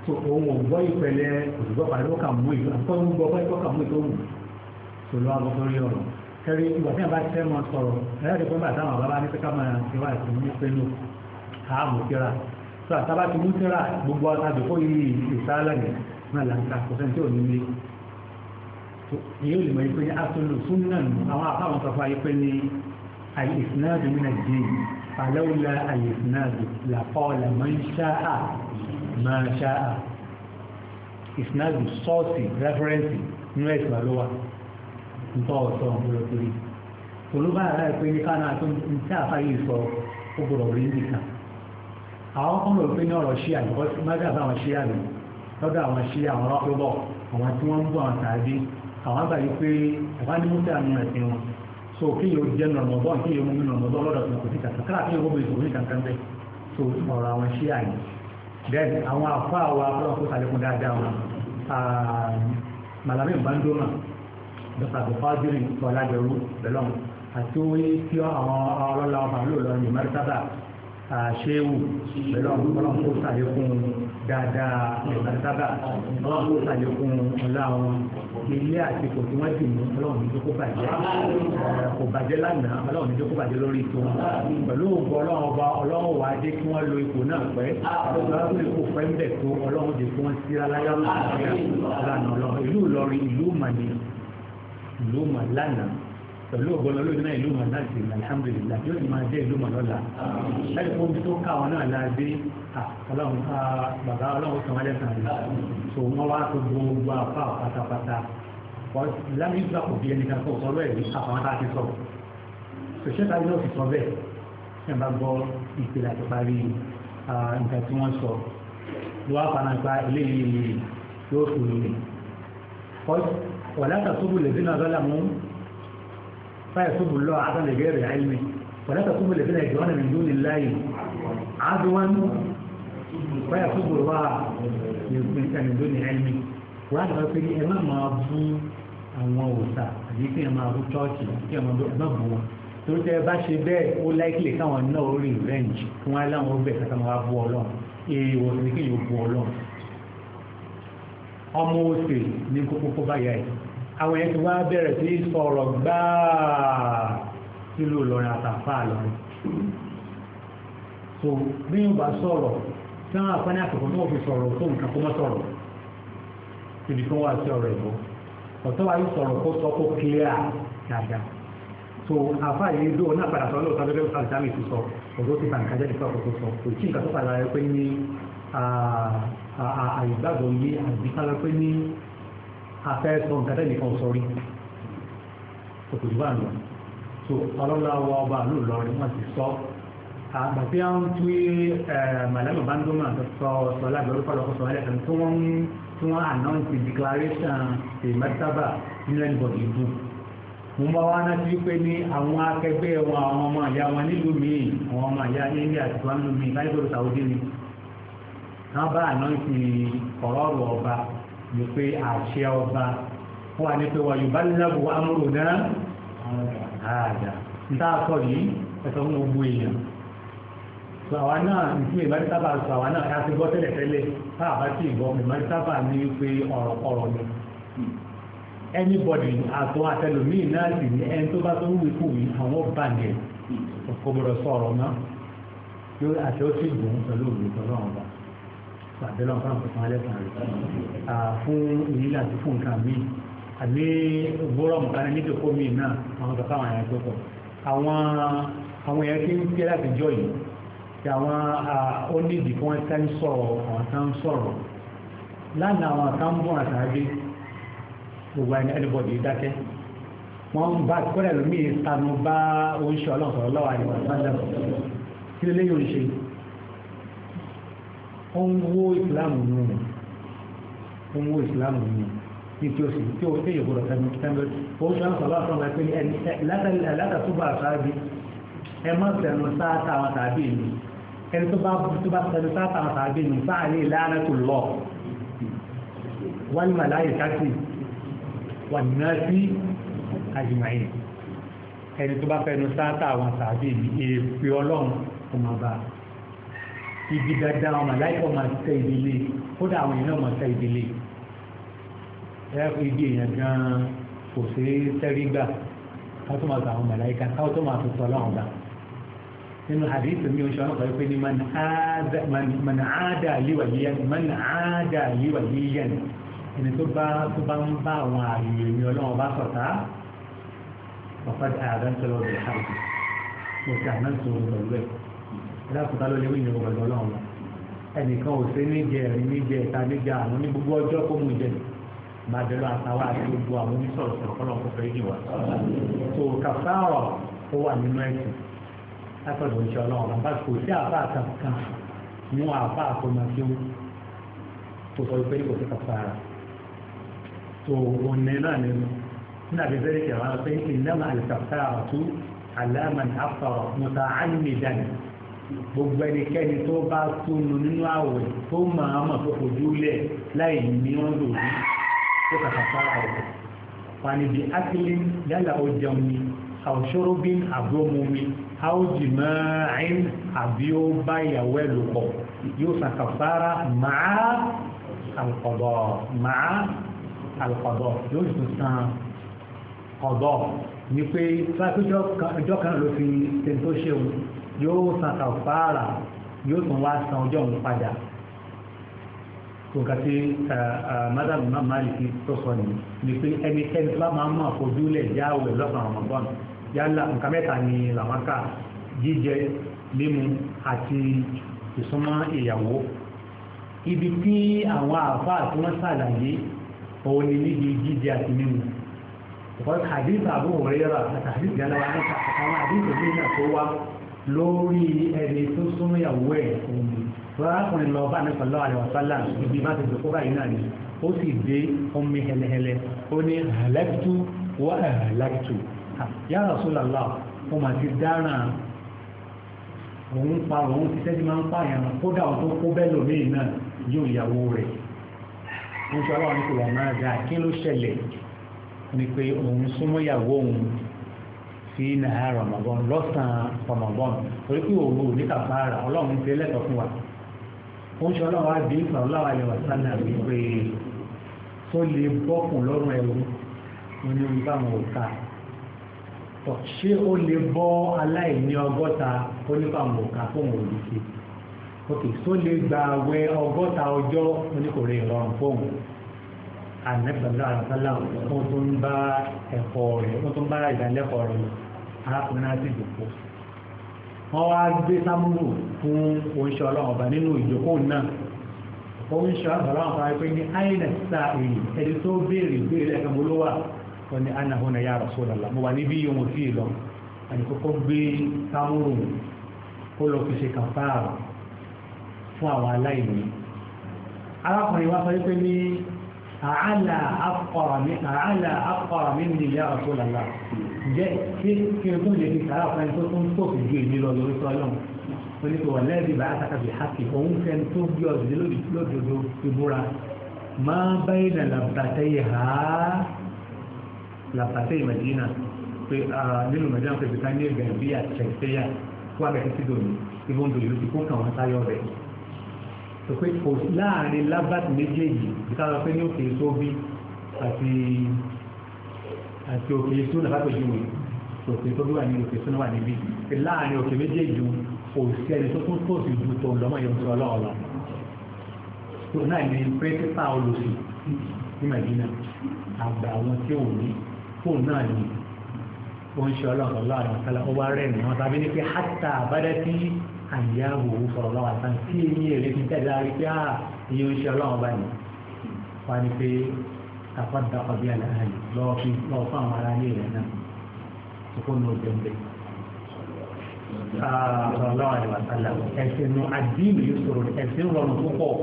tó òun ò gbọ́ ìpẹ̀lẹ̀ òṣùgbọ́ parí ó kàn mú ìlú àkọ́ ń gbọ́ pẹ́ tó kàn mú ìtòwù tó lọ́ àbọ̀ sórí ọ̀rọ̀ kẹrin ìgbà tí a bá tẹ́ mọ sọ̀rọ̀ ẹ̀rọ ìpínlẹ̀ àtàwọn àbábá ní àmú kíra tó àtàbá ti mú kíra gbogbo àtàbíkó yìí ìsáálà ní náà làǹkà kò sẹ́ni tí ò ní ní èyí ò lè mọ̀ yìí pé absolu sunna nù àwọn àfáwọn sọ ayé pé ní al-isnadu min ad-din falawla al-isnadu laqala man sha'a ma sha'a isnadu sọ́ọ̀sì rẹ́fẹ́rẹ́nsì nínú ẹ̀sìn àlọ́wà ntọ́ ọ̀sọ́ ọ̀gbọ̀rọ̀ torí olùbára rẹ̀ pé ní káná tó ń tí àfáyé sọ ó gbọ́dọ̀ rí àwọn kan lò pé ní ọ̀rọ̀ ṣíà nìkan tí má dàbí àwọn ṣíà lò lọ́dọ̀ àwọn ṣíà àwọn rọ́pẹ́bọ̀ àwọn tí wọ́n ń bọ̀ àwọn tàbí àwọn àgbàyí pé ẹ̀fá ní mọ́tà nù ẹ̀sìn wọn so kí yóò jẹ́ nọ̀nọ̀bọ̀ kí yóò mú mi nọ̀nọ̀bọ̀ lọ́dọ̀ tó kò sí kàkà káà kí yóò bọ̀ ìṣòro ní kankan bẹ́ẹ̀ so ọ̀rọ̀ àwọn ṣíà yìí bẹ́ẹ̀ àwọn afọ àwọn afọlọ́kọ̀ sàlékún dáadáa wọn malami bandoma dọ́kítà bọ́fájúrì tọ́lá bẹ̀rù bẹ̀lọ́m àti ó yí àwọn ọlọ́lá ọmọ àlọ́ lọ́ọ́ ní mẹ́rẹ́tàbà àṣewù pẹ̀lú àwọn ọlọ́run tó ṣàlékún dáadáa ẹ̀ka sábà ọlọ́run tó ṣàlékún ọlá wọn ilé àti kò tí wọ́n dì mú ọlọ́run ní jókòó bàjẹ́ kò bàjẹ́ lánàá ọlọ́run ní jókòó bàjẹ́ lórí ètò pẹ̀lú òògùn ọlọ́run ọba ọlọ́run wà á dé kí wọ́n lo ipò náà pẹ́ ọlọ́run wà á pẹ́ ń bẹ̀ tó ọlọ́run dè kí wọ́n sí aláyọ̀ lánàá ìlú Ìlọrin ìlú màní pẹ̀lú ògbọ́n olóògbé náà ìlú mọ̀ náà ti rìn alhamdulillah yóò ti máa jẹ́ ìlú mọ̀ lọ́la láti fún omi tó káwọn náà láàbí ọlọ́run bàbá ọlọ́run kan wálé kan rí so wọ́n wá tó gbogbo apá pátápátá lámì ìgbà kò bí ẹnì kan kó sọ lọ́ọ̀ ẹ̀rí àwọn tá a ti sọ ṣòṣẹ́ tàbí náà ti sọ bẹ́ẹ̀ ṣe bá gbọ́ ìpìlẹ̀ àti parí nǹkan tí wọ́n sọ ló wá fana gba eléyìí yóò fi wọlé wọ́n látà tó lè dín náà lọ́la mú فيسب الله عدم غير علمي ولا تقوم الذين يدعون من دون الله عدوا فيسب الله من دون علمه وهذا ما يقول إمام أبو àwọn òòsà àbí kí ẹ máa bú chọ́ọ̀chì kí ẹ máa bú ẹgbẹ́ bù wọn torí tẹ bá ṣe bẹ́ẹ̀ ó láìkìlì káwọn náà ó rí rẹ́ǹjì kí wọ́n láwọn bẹ̀ kàtà máa bú ọlọ́run èyí wọ́n ní kí yóò bú ọlọ́run ọmọ òsè ní kókó kó báyà ẹ̀ àwọn yẹn ti wá bẹ̀rẹ̀ sí sọ̀rọ̀ gbáà nílùú Ìlọrin àtàfà lọ́rin so bí yóò bá sọ̀rọ̀ tí wọ́n àpá ní àkọ́kọ́ náà fi sọ̀rọ̀ tó nǹkan kó mọ́ sọ̀rọ̀ ibi tó wà sí ọ̀rọ̀ ẹ̀bọ́ ọ̀tọ́ wa yóò sọ̀rọ̀ kó sọ kó clear dáadáa so àfa yìí ló náà padà sọ lóòótọ́ lọ́dọ́ àlùtàmì ti sọ ọ̀dọ́ ti bàǹkà jáde fún àkókò sọ kò tí nǹkan tó padà rẹ pé ní àìgbàgbọ́ afẹ́sọ̀ nǹkan tẹ́lẹ̀ kan sọ rí kòtò ìwà lọ so ọlọ́láwọ ọba ló lọrin wọn ti sọ àgbàtí à ń tú màdàmà bandoma sọ sọ lágbàdo kọlọkọ sọ ẹlẹsẹ tí wọn tí wọn announce declaration ìmẹtaba nínú ẹnìbọdì ìbú mo máa wá náà ti pé ní àwọn akẹgbẹ́ wọn àwọn ọmọ ìyá wọn nílùú mi àwọn ọmọ ìyá ilé àti wọn nílùú mi láyé gbọdọ sàwọdí ni wọn bá ànáǹtì ọ̀rọ̀ ọ̀rọ̀ ọba ni pé ọba wà ní pé wà amúrò náà níta yìí fún gbogbo èèyàn sọ àwa náà sọ àwa náà ká gbọ́ tẹ́lẹ̀ tẹ́lẹ̀ tá a bá ti gbọ́ ní pé ọ̀rọ̀ ọ̀rọ̀ ni anybody àtọ àtẹlòmíì náà sì ní ẹni tó bá tó ń wípò yìí àwọn bàǹdẹ̀ àbẹ̀lọ́ fún àwọn ọ̀sán alẹ́sàn rẹ̀ fún ìyílẹ̀ àti fún nǹkan mi àbí gbọ́rọ̀ mọ̀kánná nídòkó mi náà àwọn kàkà àwọn àyàn tó pọ̀ àwọn àwọn èèyàn tí ń pẹ́ láti jọ yìí tí àwọn onídìí kí wọ́n tẹ́ sọ̀rọ̀ àwọn tán sọ̀rọ̀ lánàá àwọn kan ń bọ̀ àtàgé gbogbo ẹni ẹnibọ̀dì dákẹ́ wọ́n ń bá kọ́lẹ̀ lómi ìtanu bá oúnjẹ ọlọ́sọ̀rọ̀ lọ́wọ́ ó ń wó ìsìláàmù nù ó ń wó ìsìláàmù nù ní tí ó sì tí ó tẹ́yẹ̀ gbọ́dọ̀ tẹ́mi tẹ́mi ó ń sọ́nà sọ́lá sọ́nà pé ẹni látàtúbà sáábì ẹ má tẹnu sáátà àwọn tàbí ni ẹni tó bá tó bá tẹnu sáátà àwọn tàbí mi sáàlì ìlànà tó lọ wọ́n ní màláyé káàkiri wà ní sí àjùmáyé ẹni tó bá fẹnu sáátà àwọn tàbí mi èèpì ọlọ́run ọmọ bá ibi dandan ọmọ láìpọ̀ máa tẹ ìdílé kódà àwọn èèyàn máa tẹ ìdílé ẹ ibi èèyàn gan kò sí tẹ́rí gbà ká tó máa gba àwọn màláìka ká tó máa tuntun ọlọ́run gbà nínú àdéhùn mi ò ṣe ọlọ́pàá yìí pé ní man aada liwa yiyan man aada liwa yiyan ẹni tó bá tó bá ń bá àwọn àyè mi ọlọ́run bá sọ̀tá ọ̀pá àdáńtọ́lọ́ọ̀dẹ̀ káàkiri mo ti àdáńtọ́lọ́ọ̀dẹ̀ lákòótá ló lé wí ìyẹn gbọ̀ngàn ọlọ́run ẹnìkan ò sí níjẹ ẹ̀rí níjẹ ẹ̀ta níjẹ àwọn ní gbogbo ọjọ́ kó mú ìjẹ máa bẹ̀rẹ̀ àtàwọn àti gbogbo àwọn onísọ̀rọ̀ sọ̀rọ̀ kọ́lọ̀ kó fẹ́ yìí wá. tó kàfáàrọ̀ ó wà nínú ẹ̀sìn látọ̀dọ̀ ìṣẹ́ ọlọ́run bá kò sí àbá kankan mú àbá àkọ́mọ́síwò tó sọ pé kò sí kàfáàrọ̀ tó òní náà nínú nígbà tí fẹ́rẹ̀ kẹwàá pé ìnáwó àlùkàfáàrọ̀ tó gbogbo ẹnikẹ́ni tó bá túnu nínú àwẹ̀ tó máa mọ̀ tó fojú lẹ̀ láì ní wọ́n lò ní tó kàkàtà àwẹ̀ pàníbi akílẹ̀ yálà ó jẹun ni àwòṣòro bí àbúròmùmí àwòjì mẹ́rin àbí ó bá ìyàwó ẹ̀ lò pọ̀ yóò sàkàfàrà màá àlùkọ̀dọ̀ màá àlùkọ̀dọ̀ yóò sì san ọ̀dọ̀ ni pé sáà kan ló fi tètè tó ṣe yóò san kàfàrà yóò tún wá san ọjọ́ òun padà nǹkan tí madam mamali fi tó sọ ni ni pé ẹnikẹ́ni tó bá máa ń mọ̀ fojú lẹ̀ já òwe lọ́sàn-án ọmọbọ́n yálà nǹkan mẹ́ta ni làwọn kà jíjẹ mímu àti ìsúnmọ́ ìyàwó ibi tí àwọn àáfàá tí wọ́n ṣàlàyé òun ni níbi jíjẹ àti mímu ìfọ̀sí àdìsí àbúrò rẹ̀ yọrọ àti àdìsí ìjànàwá nípa àwọn àdìsí òmìnira tó wá lórí ẹni tó súnmọ́ ìyàwó ẹ̀ òun arákùnrin lọ bá ní pẹ̀lú àríwá sálà ibi bá ti dòkó báyìí náà ni ó sì dé omi hẹlẹhẹlẹ ó ní hàlẹ́kìtù wà hàlẹ́kìtù ya Rasulullah ó mà ti dáràn òun pa òun ti sẹ́ni máa ń pààyàn kódà òun tó kó bẹ́ẹ̀ lòmíì náà yóò ìyàwó rẹ̀ ń sọ aláwọ̀ ní kò wà máa dà kí ló ṣẹlẹ̀ ni pé òun súnmọ́ ìyàwó òun fi nàá Ramadan, lọ́sàn-án rọmọgán torí pé òru ní kàfàrà ọlọ́run ti lẹ́tọ̀ọ́ fún wa ó ń ṣe ọlọ́run àbí ìfà ọlọ́run àlẹ́ wà sánà wípé tó lè bọ́kùn lọ́rùn ẹ̀rú nínú báwọn òkà tọ̀ ṣé ó lè bọ́ aláìní ọgọ́ta ó ní báwọn òkà fóun ò lè ṣe òkè tó lè gbààwẹ̀ ọgọ́ta ọjọ́ oníkòrè ìrọ̀rùn fóun ànẹ́gbẹ̀lá àlọ́sálà ó tó ń bá ẹ̀kọ́ rẹ̀ ó tó ń bá ìdánilẹ́kọ̀ọ́ rẹ̀ arákùnrin náà sì dòpò wọ́n wá gbé sámúlù fún oníṣẹ́ ọlọ́run ọba nínú ìjókòó náà oníṣẹ́ ọlọ́run ọba pé ní àyìnà sáà èyí ẹni tó béèrè béèrè ẹ̀ka mo ló wà wọ́n ní anahona ya Rasulullah mo wà níbí yìí wọn fi lọ àti gbé sámúlù kó lọ fi ṣe kàfáà fún àwọn aláìní arákùnrin wa sọ àálà àkọ̀rọ̀ mi ní ìyá ọ̀tọ́ lọ́la jẹ́ kí o tó lè fi sàrà ọ̀fẹ́ tó tún tó fi ju èmi lọ lórí sọ́lọ́ oníkòwò lẹ́ẹ̀dì bá àtàkàbí hàkì òun fẹ́ tó bí ọ̀dẹ̀ lódodo ìbúra máa báyìí na làbàtẹ́ ha làbàtẹ́ ìmẹ̀dínà pé nínú mẹ̀dínà pé bìkan ní ìgbẹ̀rẹ̀ bí pé kò láàrin lábàtì méjèèjì ìtàwọn pé ní òkè tó bí àti àti òkè tó nà fàpèjì wò òkè tó bí wà ní òkè tó nà wà níbí pé láàrin òkè méjèèjì kò sí ẹni tó tún tòsí ju tó lọ́mọ yẹn tó ọlọ́ọ̀lọ́ tó náà ní pírẹ́tìpà olùsì ní màdínà àgbà àwọn tí ò ní fóònù náà ní ó ń ṣe ọlọ́ọ̀lọ́ àwọn kálá ó wá rẹ̀ nìyẹn tàbí ní pé hátà àbádá tí àyà wò ó sọ̀rọ̀ lọ́wọ́ àtàn tí èyí èrè fi tẹ̀lé ara pé à iye oṣù ọlọ́run bá yìí wá ní pé kàfọ́ dàpọ̀ bí àlàyé lọ́wọ́ fi lọ́wọ́ fún àwọn ará ilé rẹ̀ náà tó kó ní oṣù ńbẹ. sọ̀rọ̀lọ́wọ́ àyè wàsálà ẹ̀sìn nu àdínì yóò sọ̀rọ̀ ẹ̀sìn rọrùn púpọ̀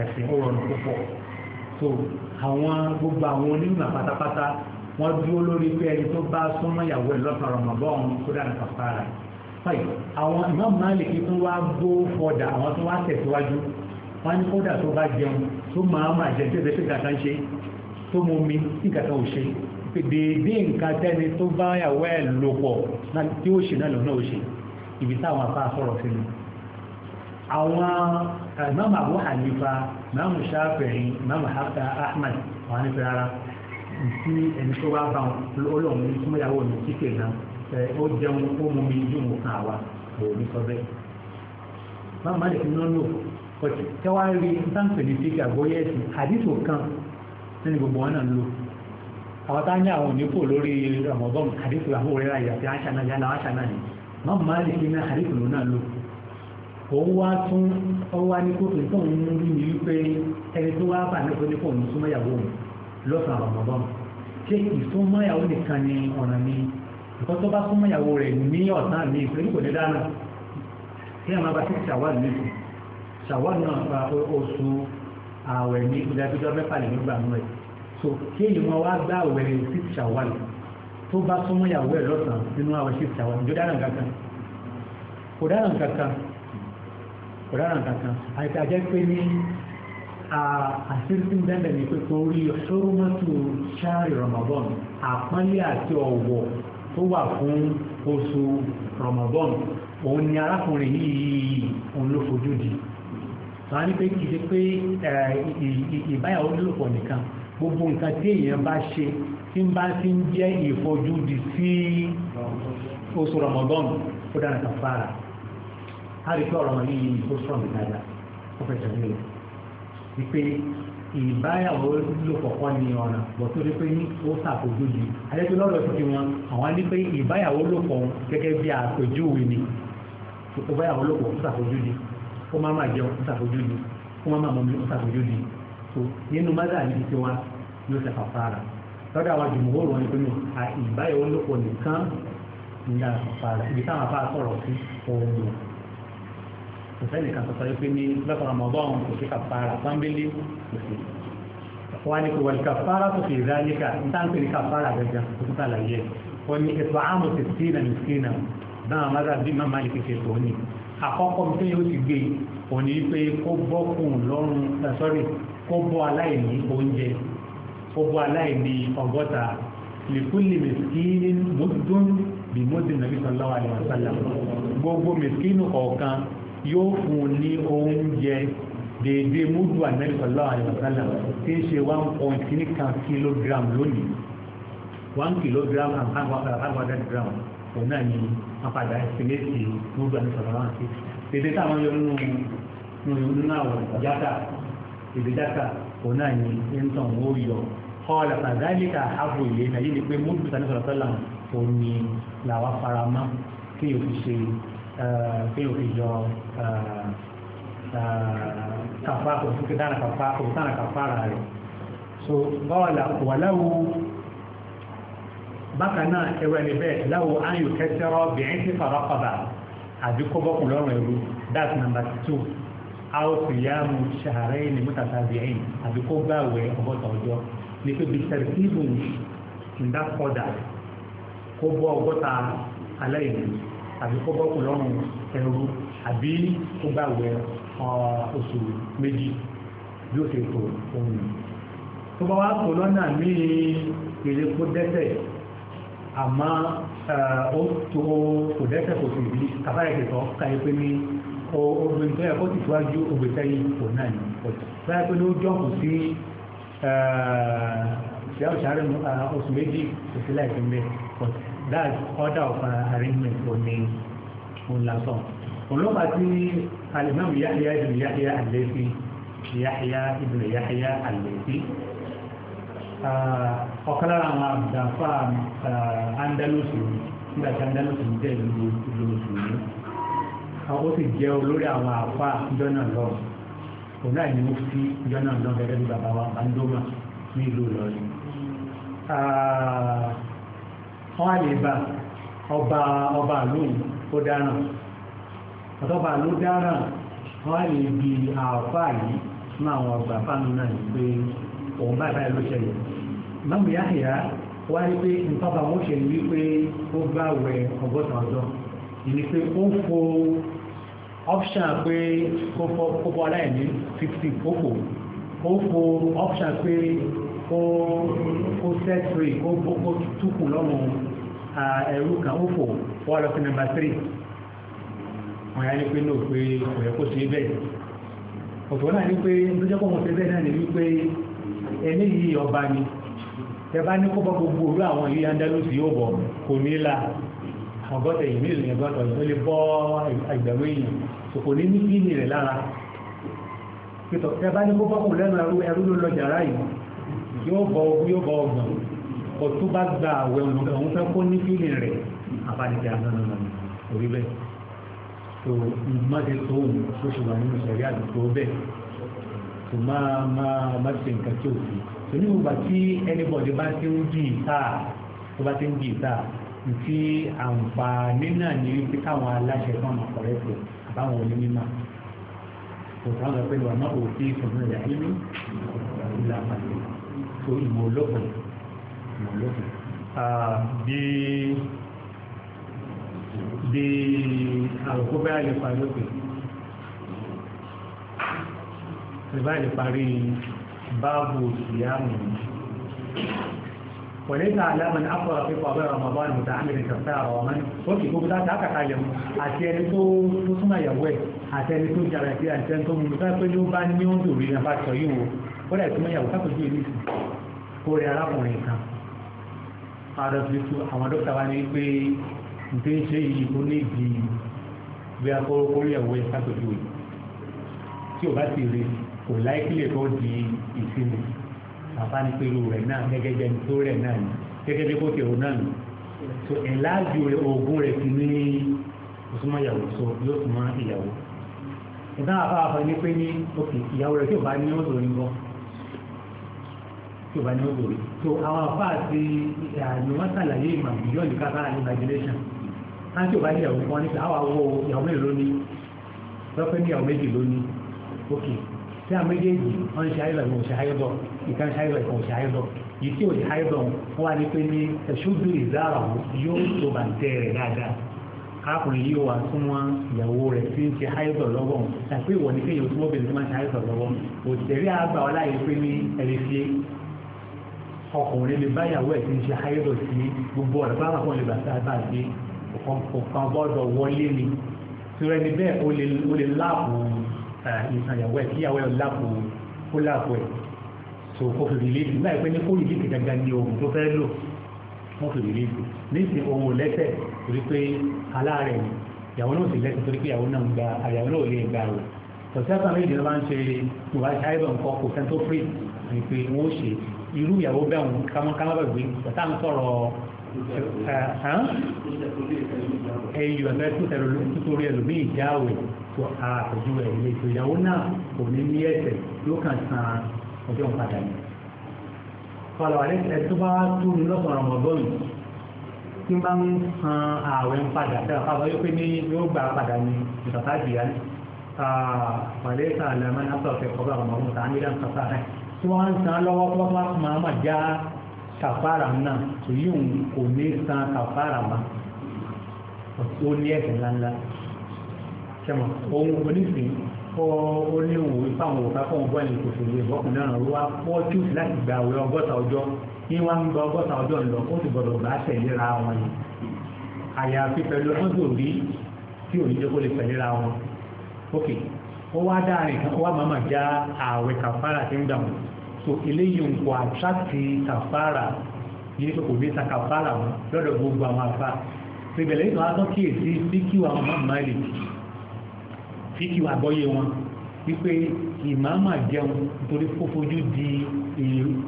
ẹ̀sìn rọrùn púpọ̀ tó àwọn gbogbo àwọn onímọ̀ pátápátá wọ́n dúró lórí pé ẹni tó bá súnmọ́ ìyàwó àwọn Imam Malik tó wá gbó fọdà àwọn tó wá tẹ̀síwájú wọ́n ní kódà tó bá jẹun tó máa máa jẹ tẹ́sẹ̀ pé gàtà ń ṣe tó mú mi tí gàtà ò ṣe dèédé nǹkan tẹ́ni tó bá yàwó ẹ̀ lò pọ̀ tí ó ṣe náà lọ́nà ó ṣe ibi táwọn afá sọ̀rọ̀ sí ni àwọn eh, Imam Abu Hanifa Imam Shafi'i Imam Ahmad wọ́n ní fẹ́ rárá tí ẹni tó bá bá wọn olóòmù tí mo yàwó mi kíkè náà ó jẹun ó mú mi ju mú kan àwa òun ní sọ bẹ́ẹ̀. báwo má lè fi náà lò kọ̀tì kẹwàá rí sáǹpẹ̀ ní fíkì àgbóyè ẹ̀sìn àdìsò kan nínú gbogbo wọn náà lò àwọn tá a ní àwọn onípò lórí ọmọbọ́n àdìsò àwọn òrẹ́ra ìyàtì àṣàna yálà àṣàna ni má má lè fi náà àdìsò lò náà lò òun wá tún ọwọ́ wá ní kófin tó ń rí mi wípé ẹni tó wá bà ní kó ní kó ń súnmọ́ lọ́sàn-án ọmọbọ́n ṣé ìsúnmọ́ nìkan ni ọ̀nà ni nǹkan tó bá súnmọ́ ìyàwó rẹ̀ ní ọ̀sán mi pẹ̀lú kò ní dáná kí ẹ̀ máa bá sí ṣàwárì nìkan ṣàwárì náà gba oṣù ààwẹ̀ ní ìdájọ́ mẹ́fà lè nígbà mú ẹ̀ so kí èyí máa wá gbá àwẹ̀ sí ṣàwárì tó bá súnmọ́ ìyàwó ẹ̀ lọ́sàn nínú àwẹ̀ sí ṣàwárì ìjọ dáná kankan kò dáná kankan kò dáná kankan àti àjẹ́ pé ní àṣírí bẹ́ẹ̀ ni pé tó wà fún oṣù Ramadan òun ni arákùnrin yìí òun ló fojú di wọ́n á ní pé kì í ṣe pé ìbáyàwó nílòpọ̀ nìkan gbogbo nǹkan tí èèyàn bá ṣe tí ń bá ti ń jẹ́ ìfojúdi sí oṣù Ramadan ó dára kan fara a rí pé ọ̀rọ̀ yìí ó sọ̀rọ̀ dáadáa ó fẹsẹ̀ nílò wípé ìbáyàwó ló kọ̀kọ́ ni ọ̀nà bọ̀ tó dé pé ní ó ṣàpèjúwe àyẹ̀tò lọ́dọ̀ tó fi wọn àwọn á ní pé ìbáyàwó ló kọ̀ gẹ́gẹ́ bí àpèjúwe ni ó báyàwó ló kọ̀ ó ṣàpèjúwe ó má má jẹun ó ṣàpèjúwe ó má má mọ̀mí ó ṣàpèjúwe tó nínú mọ́tà ní ti wa ló ṣe fàfàrà lọ́dọ̀ àwọn jùmọ̀wó rọ̀ ní pé ní ìbáyàwó ló kọ̀ nìkan ní àfàfàrà ibi táwọn afá kò sẹ́ni kan sọ̀tọ̀ pé ní lọ́sọ̀ Ramadan kò sí kàfàrà pọ́nbélé kò sí wọ́n á ní kò wọ̀lì kàfàrà tó fi ìdáníkà níta ń pè ní kàfàrà gẹ́gẹ́ kò sí tàlàyé wọ́n ní ẹ̀tọ́ àmọ̀ sí sínà ní sínà náà mọ́tà bí má máa lè fi ṣètò ní àkọ́kọ́ mi tẹ́yìn ó ti gbé òní pé kó bọ́kùn lọ́rùn sọ́rí kó bọ́ aláìní oúnjẹ kó bọ́ aláìní ọgọ́ta lèkúlè mẹ́sìkínì mọ́tún bí mọ́tún nàbí sallallahu yóò fún un ní oúnjẹ déédéé múdù ànábì sallallahu alaihi wasallam tí ń ṣe one point ní kan kilogram lónìí one kilogram and five hundred gram òun náà ni apàdà ẹ̀sìnlẹ̀sì múdù ànábì sallallahu alaihi wasallam déédéé táwọn yọ nínú nínú àwọ̀ játa déédéé játa òun náà ni ẹ̀ńtàn ó yọ kọ́ọ̀lá fàdálíkà ààbò ìlẹ́nà yìí ni pé múdù ànábì sallallahu alaihi wasallam òun ni làwọn faramọ́ kí yóò fi ṣe pé òfin jọ kàfá òfin kí dáná kàfá òfin dáná kàfá ara rẹ̀ so bọ́ọ̀lá wà láwo bákan náà ẹrú ẹni bẹ́ẹ̀ láwo áyù kẹsẹ́rọ́ bìín sí farakọ̀bà àbí kọ́bọ́kù lọ́rùn ẹrú number two àwòsíyàmù ṣàárẹ̀ ní mọ́tàtàbíyìn àbí kó gbàwẹ̀ ọgọ́ta ọjọ́ ní pé bíṣẹ̀rì kíbùn àbí kó bọ́ kù lọ́rùn ẹrú àbí kó bá wẹ̀ oṣù méjì bí ó ṣe tó ohun tó bá wá kó lọ́nà míì èrè kó dẹ́sẹ̀ àmọ́ ó tó kò dẹ́sẹ̀ kò sì rí kàfáyà ìṣẹ̀tọ́ káyé pé ní obìnrin tó yẹ kó ti tíwájú obìnrin tẹ́yìn òun náà ní ọ̀tọ̀ báyà pé ní ó jọ̀kù sí ìyá òṣàrẹ́ ah, oṣù méjì oṣù láìpẹ́ mbẹ́ but that order of ah, arrangement kò ní òun lásán olóòpá tí alimami yahya ibn yahya al-laythi yahya ibn yahya al-laythi ah, ọ̀kan lára àwọn àgbàfà Andalus nígbà tí Andalus jẹ́ ìlú ìlú mùsùlùmí ó sì jẹ́ olórí àwọn àfà jọ́nà lọ́wọ́ òun náà ni mo fi jọ́nà lọ́wọ́ gẹ́gẹ́ bí bàbá wa bá ní ìlú Ìlọrin wọ́n á ba ọba ọba àlóyìn ó dáràn ọ̀tọ́ba àló dáràn wọ́n á lè bi àwọ̀fà yìí fún àwọn ọgbà fáànù náà yìí pé òun bá ìbáyìí ló ṣẹlẹ̀ mọ́mú yáhìá wá rí pé nǹkan bá wọ́n ṣe ní wípé ó bá wẹ ọgọ́ta ọjọ́ ìní pé ó fo option pé kó fọ́ aláìní fifty kókò ó fo option pé kó tẹ́tìrì kó túkù lọ́nà ẹ̀rú kan ó fò wọ́n lọ sí nàmbà tírì wọ́n yá ní pé náà pé kò yẹ kó ṣe bẹ́ẹ̀ ọ̀tọ̀ náà ní pé tó jẹ́ kóhun ṣe bẹ́ẹ̀ náà ní wípé ẹni yìí ọba ni ẹ bá ní kó bá gbogbo òru àwọn ìlú Andalusi yóò bọ̀ kò ní la ọgọ́ta ìlú ìlú ẹgbọ́tọ̀ ìlú lè bọ́ àgbẹ̀rún èèyàn kò ní ní kí ní rẹ̀ lára pẹ̀tọ̀ ẹ bá ní kó bá kò lẹ́nu ẹrú ló lọ jàrá yìí yóò bọ ogun yóò bọ ọgbọ̀n kò tó bá gba àwẹ̀ òun fẹ́ kó ní fílì rẹ̀ àbájáde àgbọ̀nà orí bẹ́ẹ̀ tó mọ́tẹ́ tó wù tó ṣe wà nínú sẹ̀rí àdúgbò bẹ́ẹ̀ tó máa máa má ṣe nǹkan tí ò sí tó ní ìgbà tí ẹnibọ̀dé bá ti ń bì táà tó bá ti ń bì táà ti àǹfààní náà ní wípé káwọn aláṣẹ kan máa kọ̀rẹ́ tó àbáwọn onímọ̀ kò sáwọn ọ̀pẹ́ ìwà náà ò sí ìfọ̀nà ìyá nínú ìlànà ìlú so ìmọ̀ olókun ìmọ̀ olókun bí bí àròkó bẹ́ẹ̀ lè parí òkè ìbá lè parí báàbù ìyáàmù وليس على من أفضل في قبل رمضان متعمد كفارة ومن وكي كو بدا تاكا كايم àtẹni tó tó súnmọ́ ìyàwó ẹ̀ àtẹni tó jàrẹ̀ sí àtẹni tó mú mi sáà pé ló bá ní oúnjẹ kódà ìtumọ̀ ìyàwó sápòjú ìlú ìsìn ó rẹ arákùnrin kan ààrẹ fi tu àwọn dókítà wa ní pé nǹkan ṣe yìí ó ní ìdí bí akórókórí ẹ̀wọ́ ẹ̀ sápòjú ìlú tí ò bá ti rí kò láìpìlẹ̀ tó di ìsinmi bàbá ní pé irú rẹ̀ náà gẹ́gẹ́ bí ẹni tó rẹ̀ náà ni gẹ́gẹ́ bí kò tèrò náà ni so ìlàjú oògùn rẹ̀ ti ní ìsúnmọ́ ìyàwó so yóò súnmọ́ ìyàwó ìdáhàfáàfà ní pé ní òkè ìyàwó rẹ̀ tí ò bá ní ó lò tí o bá ní owó so àwọn afa àti àyè wọn ṣàlàyé ìmọ̀ ìjọ ìlú káfá àti imagination á tí o bá ní ìyàwó kan nípa àwọn awọ ìyàwó mélòó ló lọ́pẹ́ ní ìyàwó méjì ló ní ok tí a méjèèjì wọn ṣe ayé lọ ìwọ̀n ṣe ayé bọ̀ ìkan ṣe ayé lọ ìkan ṣe ayé bọ̀ yìí tí o ṣe ayé bọ̀ wọn wá ní pé ní ẹ̀ṣọ́jú ìzára yóò tó bá ń tẹ́ rẹ̀ dáadáa arákùnrin yìí wà fún wọn ìyàwó rẹ̀ tí ń ṣe ayébọ̀ lọ́wọ́ àti pé ní kéèyàn tó mọ́bìnrin tó máa ń ṣe ayébọ̀ lọ́wọ́ òṣèré àgbà ọláyé pé ní ẹ̀rẹ́fẹ́ ọkùnrin lè bá ìyàwó ẹ̀ tí ń ṣe ayédọ̀ sí gbogbo ọ̀rẹ́ pátá kan lè bá sí àbá àgbé ọ̀kan gbọ́dọ̀ wọlé ni tirẹ̀ ni bẹ́ẹ̀ o lè láàbù ìsàn ìyàwó ẹ̀ kí ìyàwó ẹ̀ láàbù kó láàbù ẹ̀ so kó fi rìlíìfì náà ìpẹ́ ní kó rìlíìfì gangan ni ohun tó fẹ́ lò wọ́n fi rìlíìfì nísìnyí ohun lẹ́sẹ̀ torí pé aláàrẹ̀ ni ìyàwó náà sì lẹ́sẹ̀ torí pé ìyàwó náà gba gba irú ìyàwó bẹ́ẹ̀ òun kámọ́ kámọ́ bẹ̀ gbé bàtà ń sọ̀rọ̀ ẹ̀yìn ọ̀fẹ́ tuntun ẹlòmíì jáwèé tó àpèjú ẹ̀ ilé ètò ìyàwó náà kò ní ní ẹ̀sẹ̀ yóò kàn san ọjọ́ ìpadà ni. fọlọ́ àlẹ́ ẹ̀ tó bá tú ní lọ́sàn-án ọmọbọ́ọ̀lù tí bá ń san ààwẹ̀ ń padà tẹ́lẹ̀ fáwọn yóò pé ní yóò gbà padà ni ìtọ́ta jìyà ni. àlẹ́ sàlẹ̀ mẹ́ta sọ̀rọ̀ fẹ́ kọ́ bá ọmọ ọmọ tí wọ́n ń san lọ́wọ́ tó bá máa ma já kàfàrà náà tó yí òun kò ní san kàfàrà ma ó ní ẹ̀sẹ̀ ńláńlá sẹ́mọ̀ ohun onísìn ó ní òun ipá òun òkà fún ọgbọ́n ní kò sì lè bọ́kùn náà ló wá pọ́ tíùsì láti gba àwẹ̀ ọgọ́ta ọjọ́ ní wọ́n ń gba ọgọ́ta ọjọ́ ńlọ ó sì gbọ́dọ̀ bá tẹ̀léra wọn ni àyàfi pẹ̀lú ọjọ́ òrí tí òní jẹ́ kó lè tẹ̀léra wọn ó wá dáa nìkan ó wá màmá já àwẹ̀ kàfàrà tí ń dà wọ́n so eléyìí ń kọ àtúrákì kàfàrà yìí pé kò ní sa kàfàrà wọn lọ́dọ̀ gbogbo àwọn afá ìbẹ̀lẹ̀ ìtàn atọ́ kíyèsí fíkíwà Imam Malik fíkíwà gbọ́yé wọn wípé ìmáàmà jẹun nítorí fófojú di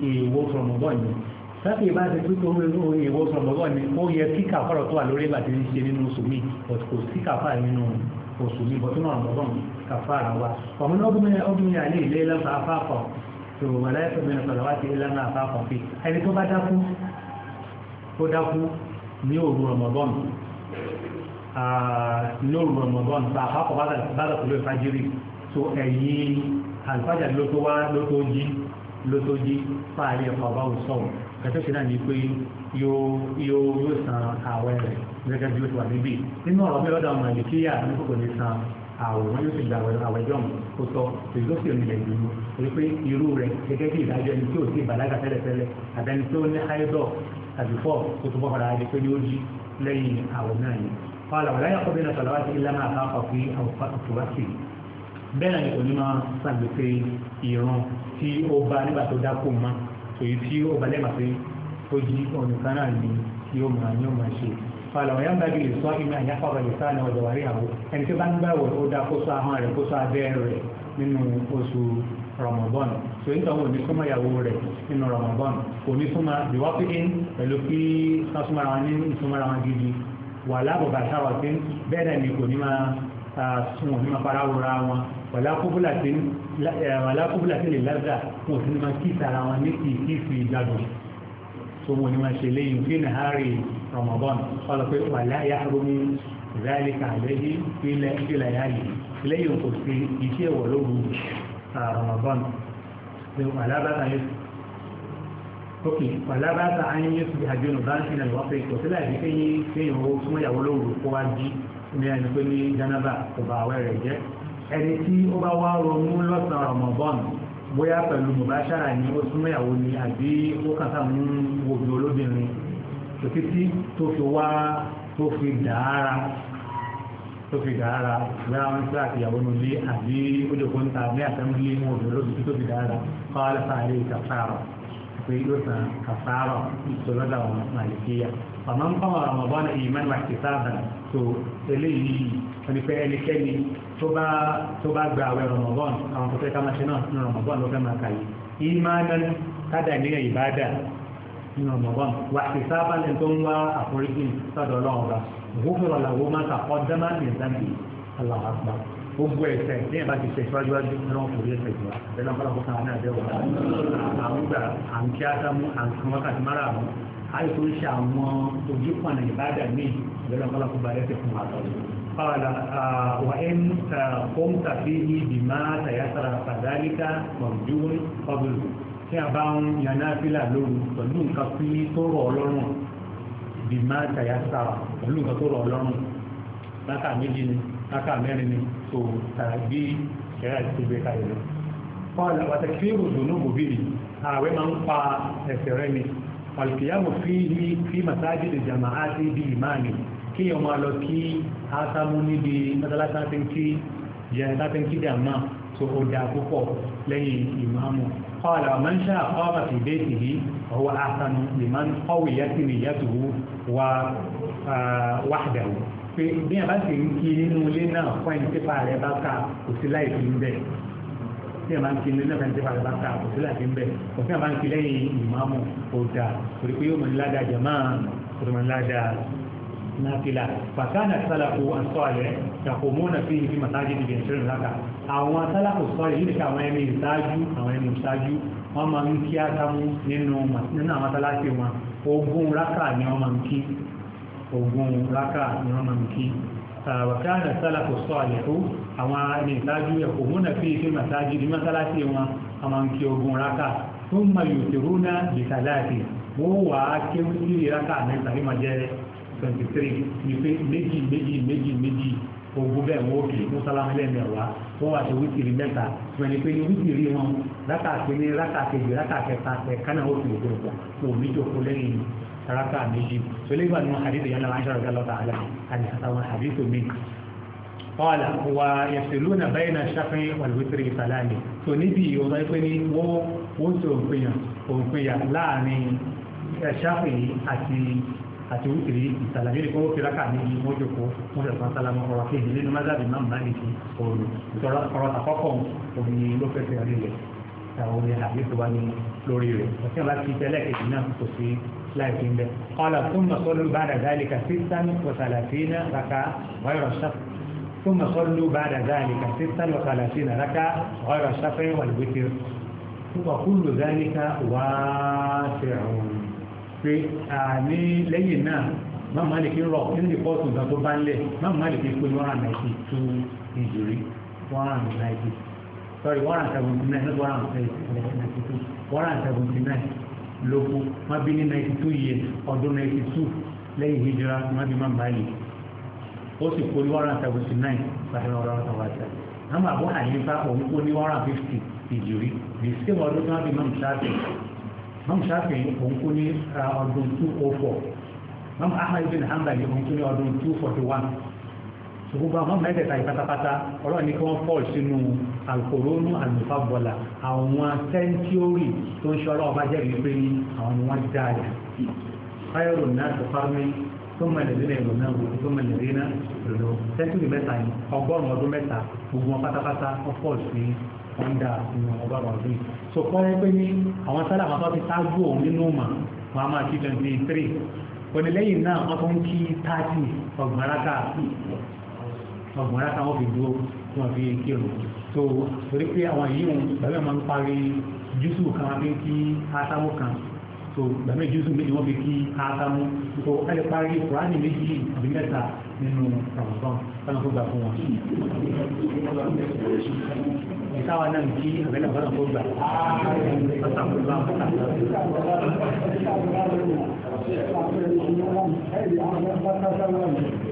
èèwọ̀ sọ̀rọ̀mọ́gọ́ ni sáfì bá ti pípé ohun èèwọ̀ sọ̀rọ̀mọ́gọ́ ni ó yẹ kí kàfàrà tó wà lórí ìgbà tí ń ṣe nínú oṣù mi kò sí kàfàrà nínú oṣù mi bọ́tún náà mọ́gọ́ mi kàfàrà wa ọ̀mọ́nà ọdún mi àlè ilé lọ́fà afáfà tó wà láyẹ̀tò mẹ́rin sọ̀rọ̀ wá sí ìlànà àfáàkọ̀ fi ẹni tó bá dákú ó dákú ní òru Ramadan ní òru Ramadan bá àfáàkọ̀ bá dàkú ló fàjírí tó ẹ̀yìn àlùfájà ló tó wá ló tó jí ló tó jí fáàrí ẹ̀kọ́ bá wù sọ̀rọ̀ kẹtọ́ sí náà ní pé yóò yóò san àwẹ̀ rẹ̀ gẹ́gẹ́ bí ó ti wà níbí nínú ọ̀rọ̀ mi lọ́dọ̀ ọmọ ìlú kíyà ní kòkò ní san àwòrán yóò sì gba àwẹ̀ ọjọ́ mu kó sọ èyí tó sì onílẹ̀ dùnú èyí pé irú rẹ̀ gẹ́gẹ́ bí ìdájọ́ ẹni tí ò sí ìbàlágà tẹ́lẹ̀tẹ́lẹ̀ àtẹni tó ní áyédọ̀ tàbí fọ́ tó tún bọ́kọ̀dá adé pé yóò jí lẹ́yìn àwọ̀ náà ni. fọlá wàlá yà kọ́bí náà sọ̀rọ̀ wá sí ilẹ̀ máa bá ọkọ̀ fi àwòfáàtì bẹ́ẹ̀ ni òní máa sàgbèsè ìran tí ó bá nígbà tó dákò mọ́ èyí tí ó balẹ̀ màpé ó jí ọ̀nìkan náà ni yóò máa yóò máa ṣe falọ̀ ọ̀yá ń bá gílè sọ ìmọ̀ àyà fọ̀rọ̀ ìfẹ́ àná ọ̀dọ̀ wàrí àwọ̀ ẹni tí bá ń gbàwọ̀ ó dá kó sọ ahọ́n rẹ̀ kó sọ abẹ́ rẹ̀ nínú oṣù Ramadan tó ń tọ́wọ́ onísúnmọ́ ìyàwó rẹ̀ nínú Ramadan onísúnmọ́ ìwọ́pín pẹ̀lú kí sásúnmọ́ra wọn ní ìsúnmọ́ra wọn gidi wà lábùbà sáwọ̀ tí bẹ́ẹ̀ ni kò ní máa sun òní máa fara wura wọn wàlá kúbúlà tí lè lázà wọn ò sí ní máa kí ìtara wọn ní kìí kí ìgbàdùn tó wọn ni máa ṣe léyìn fi nahari Ramadan ọlọ pé wàlá ya rumi zalika àlẹyìn ilẹ̀ ìfìlà yá yìí léyìn kò sí iṣẹ́ ìwọ̀ lóru Ramadan ṣe wàlá bá ta yẹn ok wàlá bá ta á yẹn fi àjọ nù bá ń fi nàlọ́ kò sílẹ̀ àti kéyìn kéyìn owó súnmọ́ ìyàwó lóru kó wá jí ní ẹni pé ní janaba kò bá àwẹ̀ jẹ́ ẹni tí ó bá wá ronú lọ́sàn Ramadan bóyá pẹ̀lú mọ̀báṣára ni ó súnmọ́ ìyàwó ni àbí ó kàn sáà mú obìnrin olóbìnrin tòtítí tó fi wá tó fi dàára tó fi dàára bóyá wọn sí àtìyàwó ní ilé àbí ó lè kó ń ta ní àtẹ́mú ilé mú obìnrin olóbìnrin tó fi dàára kọ́ pé yóò san kàfàrà ìtòlọ́dà wọn màlìkíyà àmọ́ ń bọ́n Ramadan ìmán wa ihtisaban tó eléyìí onífẹ́ ẹnikẹ́ni tó bá tó bá gba àwẹ̀ Ramadan àwọn tó fẹ́ ká máa ṣe náà nínú Ramadan ló fẹ́ máa kà yìí ìmánan kádà ní ìbádà nínú Ramadan wa ihtisaban lẹ́nu tó gbogbo ẹ̀sẹ̀ ní ẹ̀bá ti ṣe ìfúrájú wájú náà kò yẹ ṣẹ̀jọ́ bẹ́ẹ̀ náà kọ́lọ́kọ́ kan náà bẹ́ẹ̀ wà àmúgbà àǹkí átámú àǹkan wákàtí mara àmú àìkú ń ṣe àwọn ojúpọ̀nà ìbádà míì bẹ́ẹ̀ náà kọ́lọ́kọ́ bá rẹ̀ fún wa قال وإن قمت فيه بما تيسر فذلك مرجو فضله tí a bá ń yaná fílà lóru pẹ̀lú nǹkan tí tó rọ̀ ọlọ́run bíi máa pẹ̀lú nǹkan tó rọ̀ ọlọ́run látà méjì ni rákà mẹ́rin ni tó tàbí ṣẹ̀rẹ́ àti tó gbé kalẹ̀ lọ. kọ́ọ̀lù àtàkì ìròdùnú mòbìlì ààwẹ̀ máa ń pa ẹ̀sẹ̀ rẹ̀ ni alkiyamu fihi fi masajid jama'ati bi imani kí ọmọ lọ kí ásámú níbi mọ́tàlásá ti ń kí jẹ́ láti ń kí dàmà tó ó dáa púpọ̀ lẹ́yìn ìmáàmù قال من شاء قام في بيته فهو أحسن لمن قويت نيته ووحده pé bí a bá ti ń kí nínú ilé náà fún ẹni pépà rẹ bá kà kò sí láì fi ń bẹ̀ bí a máa ń kí nínú ẹni pépà rẹ bá kà kò sí láì fi ń bẹ̀ kò sí a máa ń kí lẹ́yìn ìmáàmù ọ̀dà torí pé yóò mọ̀ nílá dáa jẹ̀má kò mọ̀ nílá dáa náfìlà fàkánà sálàkù àsọ̀lẹ̀ yàkùmọ́nà fi ìfi màsáàjì ìdìbò ìṣẹ́rìn láta àwọn ogun rákà ni wọ́n ma miki, kí wàkánà sálàkù sọ àlẹ́kù àwọn ẹni ìtajú ẹ̀kọ́ múnà fi ṣe màsáájú ní mọ́sálásí wọn a máa ń kí ogun rákà tó ń ma yòó tèrú náà bìtàláàtì wọ́n wà á kéwú sí rákà ní ma jẹ́ 23 ní pé méjì méjì méjì méjì ogun bẹ́ẹ̀ wọ́n kì í mú sálámù lẹ́mẹ̀wá wọ́n wà ṣe wítìrì mẹ́ta wọ́n ní pé ní wítìrì wọn rákà kìíní rákà kejì rákà kẹta kẹ raka méjì tó lè gbà nínú hadith yẹn lọ́wọ́ aṣọ àgbàlọ́ tààlà àti àtàwọn hadith mi ọ̀là wà ẹ̀sìlú náà báyìí náà ṣàfihàn wàlúwítírì ìsàlàyé tó níbi ìwọ̀n pé ní wọ́n ti òǹpinya òǹpinya láàrin ṣàfihàn àti àti wítìrí ìsàlàyé ní kọ́wọ́ fìlàkà ní wọ́n jòkó wọ́n fẹ̀sán sálámù ọ̀rọ̀ kejì nínú mọ́sáàbì máa ń bá nìkí òòlù ọ̀rọ̀ àkọ́kọ́ òní ló fẹ́ fẹ́ rí rẹ̀ òní láìpẹ́ ń bẹ́ kọ́lá fún mọ̀sọ́lù bá dà dáìlìkà sísan wàsàlàfínà raka wàyọ̀rọ̀ sáfù fún mọ̀sọ́lù bá dà dáìlìkà sísan wàsàlàfínà raka wàyọ̀rọ̀ sáfù wàlúwẹ́tì wàkúlù dáìlìkà wàásìrùn pé àní lẹ́yìn náà máa máa lè fi rọ̀ nínú ìpọ́ọ̀tù nǹkan tó bá ń lẹ̀ máa máa lè fi pé one hundred ninety two ìjòrí one hundred ninety sorry one hundred seventy nine not one hundred ninety two one hundred seventy nine lóko wọ́n bí ní 92 years ọdún 92 lẹ́yìn hijira wọ́n bí máa báyìí ó sì kó ní 179 pàtàkì ọ̀rọ̀ ọ̀rọ̀ wájà àmọ́ àbọ̀ àyíká òun kó ní 150 ìjòrí the same ọdún tí wọ́n bí máa ń ṣáàtì máa òun kó ní uh, ọdún 204 máa ń ahmed bin hanbali òun kó ní ọdún 241 gbogbo àwọn mẹ́tẹ̀ẹ̀ta ìpátápátá ọlọ́run ní kí wọ́n fọ́ọ̀lù sínú alukòrónú àlùfáàbọ̀là àwọn sẹ́ńtíórì tó ń ṣe ọlọ́run bá jẹ́rìí pé ní àwọn ni wọ́n dá rẹ̀. fáyọrò náà tó fármí tó mẹ́lẹ̀ lé lẹ́yìn lọ́nà òwò tó mẹ́lẹ̀ lé náà lọ́nà sẹ́ńtíórì mẹ́ta yìí ọgọ́rùn-ún ọdún mẹ́ta gbogbo wọn pátápátá wọ́n fọ́ọ̀lù sí ọ̀ndà nínú ọgọ́rùn-ún ọdún yìí. so kọ́ ẹ pé ní àwọn sálà àwọn tó ti tájú òun nínú mà wọn a máa kí twenty three onílẹ́yìn náà wọ́n tún kí thirty ọgbọ̀n aláta ọgbọ̀n láta wọn fi dúró tí wọn fi kírun tó torí pé àwọn yìí wọn gbàgbé máa ń parí jùsù kan wọn fi kí ásámù kan tó gbàgbé jùsù méjì wọn fi kí ásámù tó ẹ lè parí kùránì méjì àbí mẹ́ta nínú ramadan kánà kó gbà fún wọn. ìsáwa náà kí àbẹ́lẹ̀ kánà kó gbà. Thank you.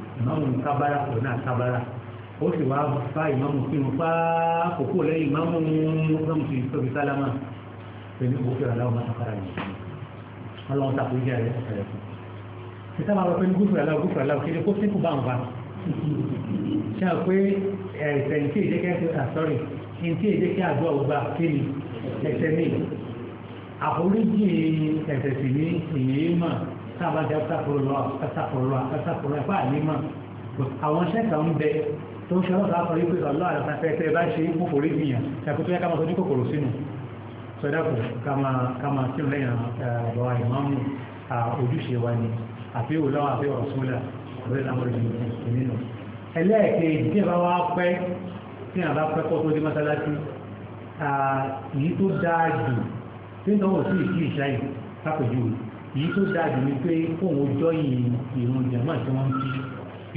ìmáàmù kábàrà kò náà kábàrà ó sì wá bá ìmáàmù sínú pa kókó lẹ́yìn ìmáàmù ìmáàmù sì tóbi sálámà pẹ̀lú òkè aláwọ̀ máa kára yìí ọlọ́run tàbí ìjà rẹ̀ ọ̀sẹ̀rẹ̀ fún ṣe sábà lọ pé ní gúúsù aláwọ̀ gúúsù aláwọ̀ kéde kó sínkù bá ń fa ṣe à pé ẹ̀sẹ̀ ní tí èdè kẹ́kẹ́ àsọ́rì ní tí èdè kẹ́ àgbọ̀ ọgbà kéde ẹ̀sẹ̀ mi àforíjì ẹ̀sẹ̀ sì ní ìyẹn mà táwọn bá ti ẹ́sàkùrọ̀lọ́ ẹ́sàkùrọ̀lọ́ ẹ́sàkùrọ̀lọ́ ẹ̀fọ́ àlímọ̀ àwọn sẹ́kà ń bẹ tó ń ṣe ọlọ́pàá akọrin pé ọlọ́ àlọ́ta pẹ́ẹ́tẹ́ bá ṣe ń kókò rí gbìyàn ṣàkóso yẹ ká máa tọ́jú kòkòrò sínú sọdọ́kù ká máa kí lẹ́yìn àbọ̀wá ìmáàmù ojúṣe wa ni àfi òláwà àfi ọ̀rọ̀ súnlẹ̀ àbẹ́rẹ́ lámọ́rin nínú ẹlẹ́ẹ̀kejì tí ìbá wa pẹ́ tí àbá pẹ́ kọ́ tó dé mọ́sálásí èyí tó dáa jù tí náà ò sí ìkí ìṣáyì lápèjúwe èyí tó dájú ni pé fóun ọjọ́ yìí ìrun jàmáà tí wọ́n ń kí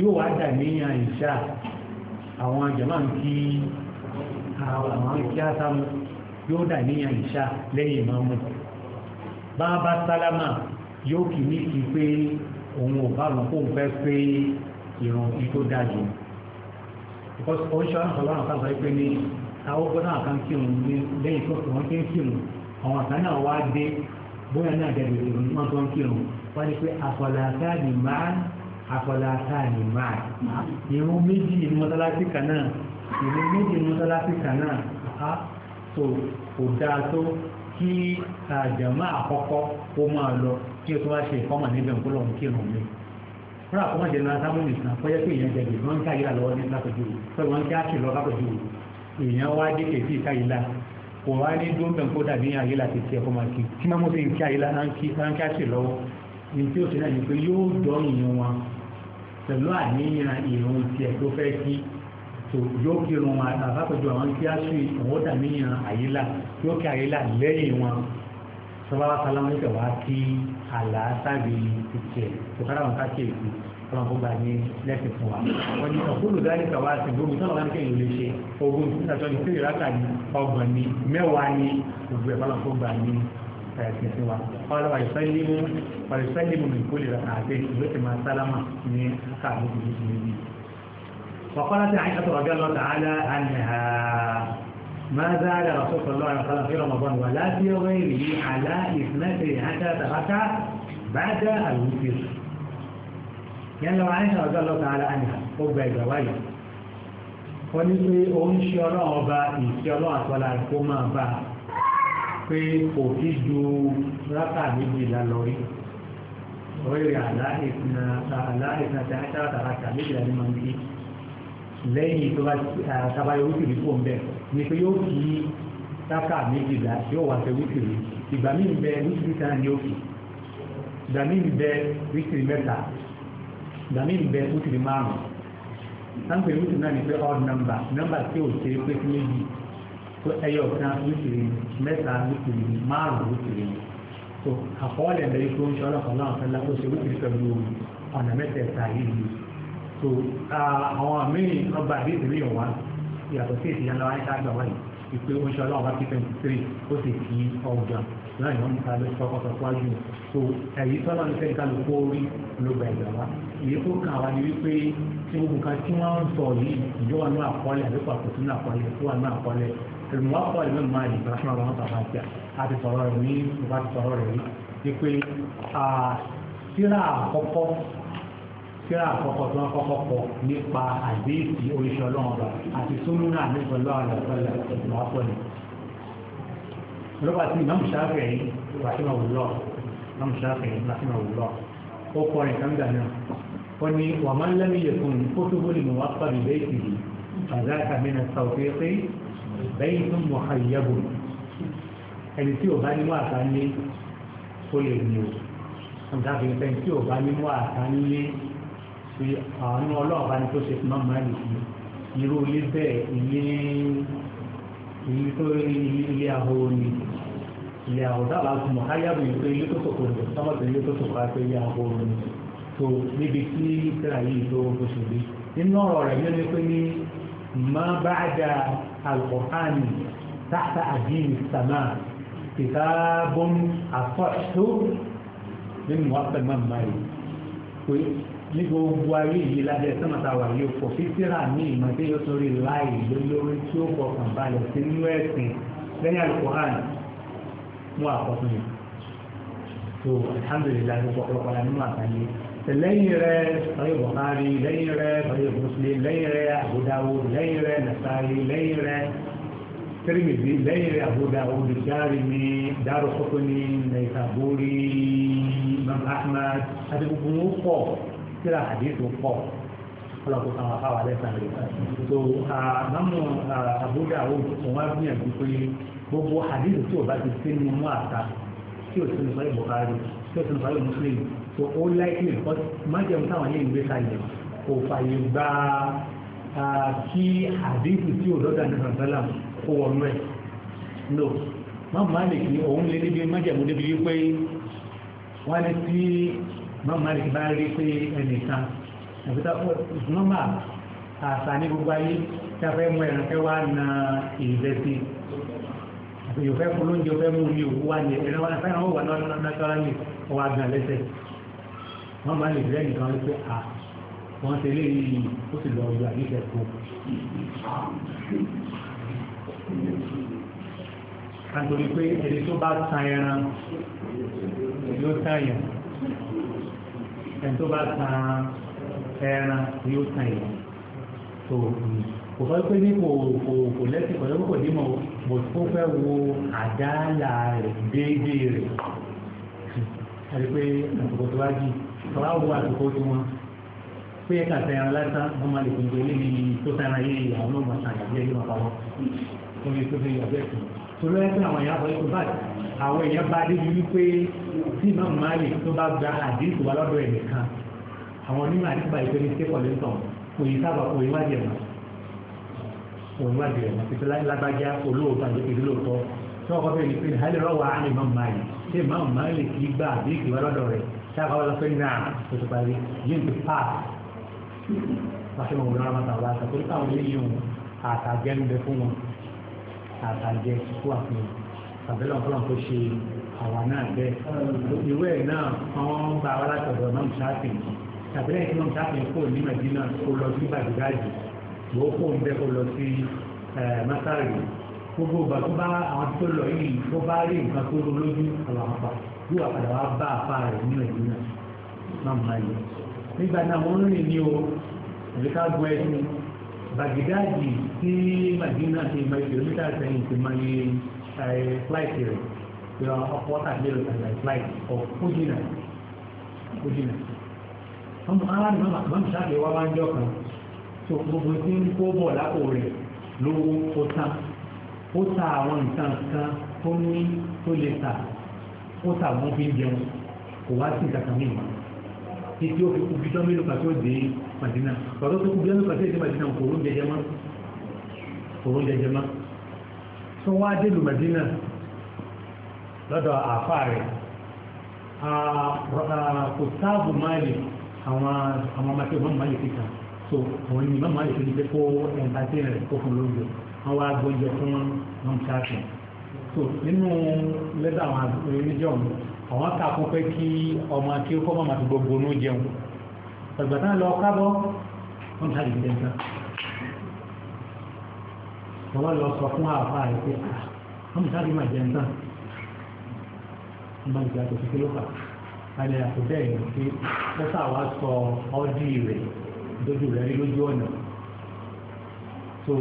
yóò wá dà níyàn ìṣá àwọn jàmáà ń kí àwọn kí á sámú yóò dà níyàn ìṣá lẹ́yìn ìmáàmù bá bá sálámà yóò kì ní kí pé òun ò bá wọn kóun fẹ́ pé ìrun èyí tó dájú because oṣù àwọn ọ̀sán lọ́nà kan sọ pé ní àwọn gbọ́dọ̀ àkáǹkì òun lẹ́yìn tó fi wọ́n ti ń kírun àwọn àkáǹkì náà wá dé bóyá náà dẹ̀rẹ̀ ìròyìn wọn tó ń kírun wọ́n ní pé àfọlàká ni máa àfọlàká ni máa ìrun méjì ní mọ́sálásí kan náà ìrun méjì ní mọ́sálásí kan náà á tó kò dáa tó kí àjàmá àkọ́kọ́ kó máa lọ kí o tó wá ṣe ìkọ́mọ̀ níbẹ̀ ń kó lọ́n kírun mi fúnra àkọ́mọ̀ jẹ́ náà sábà nìkan kọjá pé ìyẹn jẹ̀bi wọ́n ń ká ìlà lọ́wọ́ ní lápẹ̀jù pé wọ́n ń ká kìlọ́ lápẹ̀jù ìyẹn wá dé kèsì ìka ìlà kò wá ní dóńbẹ̀ kó dàbí ayé láti tiẹ̀ kó máa kí tí máa mú sí nkí ayé láti kí sáńkí àti lọ́wọ́ ní tí ó ṣe náà ní pé yóò dọ́ ìyẹn wọn pẹ̀lú àníyàn ìrun tiẹ̀ tó fẹ́ kí yóò kí irun wọn àbápẹ̀jọ àwọn kí á sí àwọn dàníyàn ayé là yóò kí ayé là lẹ́yìn wọn sọ́ba sálámù ní kí àlàáfàgbé tiẹ̀ tó kára wọn ká tiẹ̀ kú ọlọ́run kó gbà ní lẹ́sìn fún wa wọ́n ní ọ̀gbọ́n dárí kàwá àti gbòmí tọ́lọ̀ wọn kéèyàn lè ṣe ogun nígbàtọ́ ní kéré rákà ní ọgbọ̀n ní mẹ́wàá ní gbogbo ẹ̀ ọlọ́run kó gbà ní ẹ̀sìn fún wa ọlọ́run wà ìfẹ́lẹ́mú wà ìfẹ́lẹ́mú mi àti ìlú ti máa sálámà ní káàdùn ìlú ti وقالت عائشة رضي الله تعالى عنها ماذا زال رسول الله صلى الله عليه وسلم في رمضان ولا في غيره على اثنتين عشرة ركعة بعد الوتر yẹn lọ àìsàn ọjọ́ lọ́ta ara àyà ó gba ìgbà wáyé ó ní pé òun ṣe ọlọ́run ọba ìṣe ọlọ́run àtọ́lá kó máa bá a pé kò kí ju rákà méjìlá lọ rí orí àlá ìsìnà àlá ìsìnà tí a ṣára tàràkà méjìlá ní máa ń kí lẹ́yìn tó bá tabayọ wítìrì fún bẹ́ẹ̀ ni pé yóò kí rákà méjìlá yóò wá ṣe wítìrì ìgbà míì bẹ wítìrì kan ni ó kì ìgbà míì bẹ wítìrì mẹ́ta ìgbàmí ìbẹ wútìrì márùn sáńpẹ wútìrì náà ní pé odd number number tí ò ṣe pé sí méjì tó ẹyọ kan wútìrì mẹ́ta wútìrì márùn wútìrì tó àkọọ́lẹ̀ ẹ̀rẹ́ ikú oúnjẹ ọlọ́kọ̀ọ́lá ọ̀fẹ́lá tó ṣe wútìrì pẹ̀lú ọ̀nà mẹ́tẹ̀ẹ̀ta yìí tó àwọn míì ọba àdéhùn mi wá ìyàtọ̀ sí ìsìyànlọ́wọ́ ayé ká gbà wáyé ìpé láì wọ́n nípa ló sọ ọkọ̀ wájú so ẹ̀yí tọ́lá ní fẹ́ẹ́ ká ló kó orí ló gba ìgbà wa èyí tó kàn wá ni wípé tí gbogbo kan tí wọ́n ń sọ yìí ìjọba ní àkọọ́lẹ̀ àbí pàtó sínú àkọọ́lẹ̀ tó wà ní àkọọ́lẹ̀ ẹ̀rùmọ́ àkọọ́lẹ̀ mẹ́rin máa lè gbà fún àwọn bàbá àti àti sọ̀rọ̀ rẹ̀ ní bàbá àti sọ̀rọ̀ rẹ̀ yìí pé síra àkọ́kọ́ síra àkọ́kọ́ tí wọ́n kọ́kọ́ kọ nípa àdéhìí oríṣi ọlọ́run àti sólúnà àmì lọ́pàá tí ìmáàmù ṣáfẹ̀ yìí wàṣíwà wùlọ́ ìmáàmù ṣáfẹ̀ yìí wàṣíwà wùlọ́ ó kọ rìn kánga náà ó ní wà máa ń lẹ́mí yẹ̀kùn kó tó bó lè mọ̀ wá pàbí bẹ́ẹ̀ sì yìí bàzá kàmínà sàwọ́fẹ́ pé bẹ́ẹ̀ tó mọ̀ àyẹ̀bù ẹni tí ò bá ní wà bá ní ó lè ní o ọ̀dàbí ẹni tí ò bá ní wà bá ní ṣe àwọn ọlọ́ọ̀bá ni tó ṣe fún ọmọ ẹ̀ èyí tó ilé ahoro ni ilé ahoro dábà tó mọ̀ káyà bò yìí pé ilé tó sòkò rẹ̀ sọ́mọ̀tì ilé tó sòkò rẹ̀ pé ilé ahoro ni tó níbi tí ìtara yìí tó tó ṣe dé nínú ọ̀rọ̀ rẹ̀ yẹn ni pé ní má bá da alukọ̀hánì táta àdín sàmà kìtàbọ̀n àfọ̀ṣọ́ nínú wàá pẹ̀lú màmá yìí pé ní gbogbo ayé yìí lábẹ́ sọ́mọ́ta wà yóò pọ̀ fífíra ní ìmọ̀tẹ́ yóò torí láì lólórí tí ó fọkàn balẹ̀ sí nínú ẹ̀sìn lẹ́yìn alukoran mú àkọ́tún yìí tó alhamdulilayi ló pọ̀pọ̀lọpọ̀ la nínú àtàlẹ́ lẹ́yìn rẹ̀ sọ́yìn Bukhari lẹ́yìn rẹ̀ sọ́yìn Muslim lẹ́yìn rẹ̀ Abu Dawud lẹ́yìn rẹ̀ Nasa'i lẹ́yìn rẹ̀ Tirmidhi lẹ́yìn rẹ̀ Abu Dawud Darimi Daraqutni Naisaburi Imam Ahmad àti gbogbo wọn pọ̀ tíra àdéhùn pọ̀ ọlọ́pọ̀ táwọn afáwà lẹ́sàn rẹ̀ so àmọ́ àbúdá òun wá gbìyànjú pé gbogbo àdéhùn tí ò bá ti sí ní mú àta tí ò sí ní sọ́yìn Buhari tí ò sí ní sọ́yìn Muslim so ó láìpẹ́ nǹkan májèmú táwọn yẹn ń gbé kalẹ̀ kò fàyè gba kí àdéhùn tí ò lọ́dà ní sàǹtálà kó wọnú ẹ̀ no má má lè kí òun lé níbi májèmú débi wípé wọ́n á ní sí mọ́mọ́ rẹ̀ bá rí pé kan. àbúta mọ́mọ́ àṣà ní gbogbo ayé tí a fẹ́ mú ẹ̀ràn fẹ́ wá na ìrẹsì àbẹ̀yọ̀ fẹ́ fún lóúnjẹ fẹ́ mú mi òkú wá ní ẹ̀ràn wọn fẹ́ràn ó wà nọ́tọ́rọ́lì ọwọ́ àgbà lẹ́sẹ̀ mọ́mọ́ rẹ̀ rẹ̀ nìkan wípé à wọ́n ṣe lé yìí ó sì lọ ọjọ́ àdìsẹ̀ kú. àtòrí pé ẹni tó bá tan ẹran yóò tàn yàn ẹni tó bá tan ẹran yóò tan ìlú tó kò fẹ́ pé ní kò kò kò lẹ́sìn kò lẹ́kọ̀ọ́ dì mọ́ bò tó fẹ́ wo àdáàlà rẹ̀ déédéé rẹ̀ àti pé àtòkò tó bá jì tọ́lá wo àtòkò tí wọ́n pé ẹ̀ka tẹ̀yàn lásán wọ́n máa lè fi gbé lé ní tó tẹ̀yàn ayé ìyàwó náà máa ṣàyàgbé ẹ̀yìn ọ̀pá wọn. torí pé àwọn èèyàn fọ́ ikú báyìí àwọn èèyàn bá débi wípé tí Imam Malik tó bá gba àdínkù wa lọ́dọ̀ ẹ̀ nìkan àwọn onímọ̀ àdìgbà ìpele sẹ́kọ̀ọ́ lè tàn òyìn sábà òyìn wájú ẹ̀ òun wájú ẹ̀ títí lágbájá olóòótọ́ àti ìdílé òótọ́ tí wọ́n kọ́ fẹ́ ní pé hálẹ̀ rọ́wà á ní Imam Malik tí Imam Malik kì í gba àdínkù wa lọ́dọ̀ rẹ̀ sábà wọ́n lọ pé náà tó ti parí yín ti pààkì pàṣẹ mọ̀ wíwọ́n máa tàwọn aṣọ torí àbẹ́lẹ̀ ọ̀pọ̀lọ̀ tó ṣe àwa náà bẹ́ẹ̀ ìwé ẹ̀ náà wọ́n gba wa látọ̀dọ̀ náà ṣáàpì àbẹ́lẹ̀ tí wọ́n ṣáàpì kò ní Mẹ́dínà kó lọ sí bàdìgáàjì wọ́n kó ń bẹ́ kó lọ sí mẹ́sàrì gbogbo ìgbà tó bá àwọn tó lọ yìí tó bá rí nǹkan tó rú lójú àwọn àpá yóò wà padà wá bá àpá rẹ̀ ní Mẹ́dínà náà máa yẹ nígbà náà wọ́n rìn ní o ìlúkà gbọ́ ẹ̀sìn bàdìgáàjì sí Mẹ́dínà ti mọ flight rẹ̀ pé ọkọ̀ tàbí èrò tàbí flight ọ̀ kó jìnà kó jìnà. wọ́n mú aráàlú náà máa ń ṣàkóso wá máa ń jọ kan tó gbogbo tí ń kó bọ̀ lápò rẹ̀ lówó ó tán ó ta àwọn nǹkan kan tó ní tó lè tà ó tà wọ́n fi ń jẹun kò wá sí ìtàkùn mìíràn títí ó fi kú bíjọ́ mélòó kan tó dé Madina ọ̀dọ́ tó kú bíjọ́ mélòó kan tó dé Madina kò ló ń jẹjẹ mọ́ kò ló ń jẹjẹ mọ́ tí wọ́n á délùú Mẹ́dínà lọ́dọ̀ àfà rẹ̀ kò sáàbù máàlì àwọn amáṣẹ́ ìmọ̀ máàlì kíkà so àwọn ìmọ̀ máàlì tó ní pé kó ẹ̀ǹda sí rẹ̀ kó fún lóúnjẹ wọ́n wá gbóúnjẹ fún wọn ṣáàṣì so nínú lẹ́dà àwọn oníjọ́ mi àwọn kà kún pé kí ọmọ kí ó kọ́ mọ̀ àti gbogbo ní jẹun ìgbà táwọn lọ kábọ̀ wọ́n ṣáàṣì jẹun tán wọ́n lọ sọ fún àfa rẹ̀ pé ah, ọmọ ìsáàbí máa jẹun tán ọmọ ìgbà tó fi kí ló fà àlẹ́ àkùdẹ́ ìlú pé lọ́sà wa sọ ọ́dí rẹ̀ lójú rẹ̀ rí lójú ọ̀nà so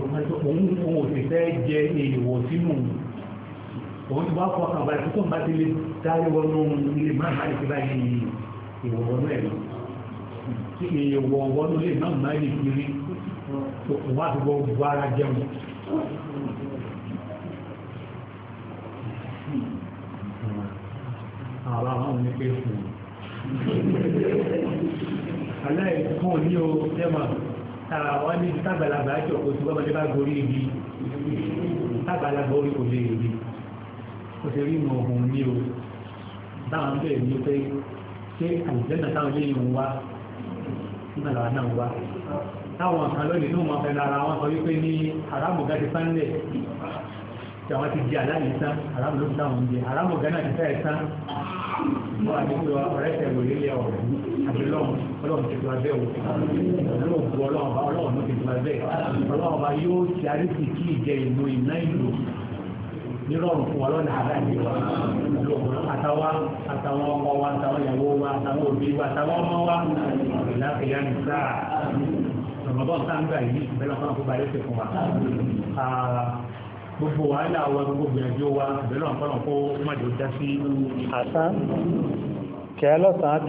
òun òun ò sì fẹ́ jẹ èèwọ̀ sínú òun ti wá fọkàn balẹ̀ tó tó ń bá ti lè dárí wọnú ilé máa máa lè fi báyìí èèwọ̀ wọnú ẹ̀ lọ kí èèwọ̀ wọnú ilé máa máa lè fi rí òun wá fi gbọ́ bu ara jẹun àwọn àwọn ní pé fún aláìkún ní o jẹ́mà tàà wọ́n ní tábàlàbà jọ kò sí bọ́bọ́dé bá gorí ibi tábàlàbà orí kò lè rí kò sí rí mọ̀ ọ̀hún ní o táwọn bẹ̀rẹ̀ ní pé ṣé àìjẹ́nà táwọn lè yìn wá nígbà làwọn náà wá táwọn kan lónìí ní ọmọ fẹ́ra ara wọn sọ wípé ní aráàmù gáàsì sánlẹ̀ tí àwọn ti di aláàlì sán aráàmù ló ń dáhùn oúnjẹ aráàmù gánà ti fẹ́ sán wọn àti ìlú ọ̀rẹ́ tẹ̀wé ilé ọ̀rẹ́ àti lọ́hùn ọlọ́run ti gba bẹ́ẹ̀ o ọlọ́run bu ọlọ́run bá ọlọ́run ti gba bẹ́ẹ̀ ọlọ́run bá yóò ti arísì kí ìjẹ ìlú iná ìlú nírọ̀rùn fún wa lọ́nà àdáyé wa àtàwọn àtàwọn ọmọ wa àtàwọn ìyàwó wa àtàwọn òbí wa àtàwọn ọmọ wa ìlànà ìyá nìsáà rọmọdọ́n tá ń gbà yìí ìbẹ́lẹ̀ ọ̀kan kó balẹ̀ ṣe fún wa gbogbo wàhálà wa gbogbo gbìyànjú wa ìbẹ́lẹ̀ ọ̀kan kó má jò dá sí àṣà kẹ́ lọ́sàn-án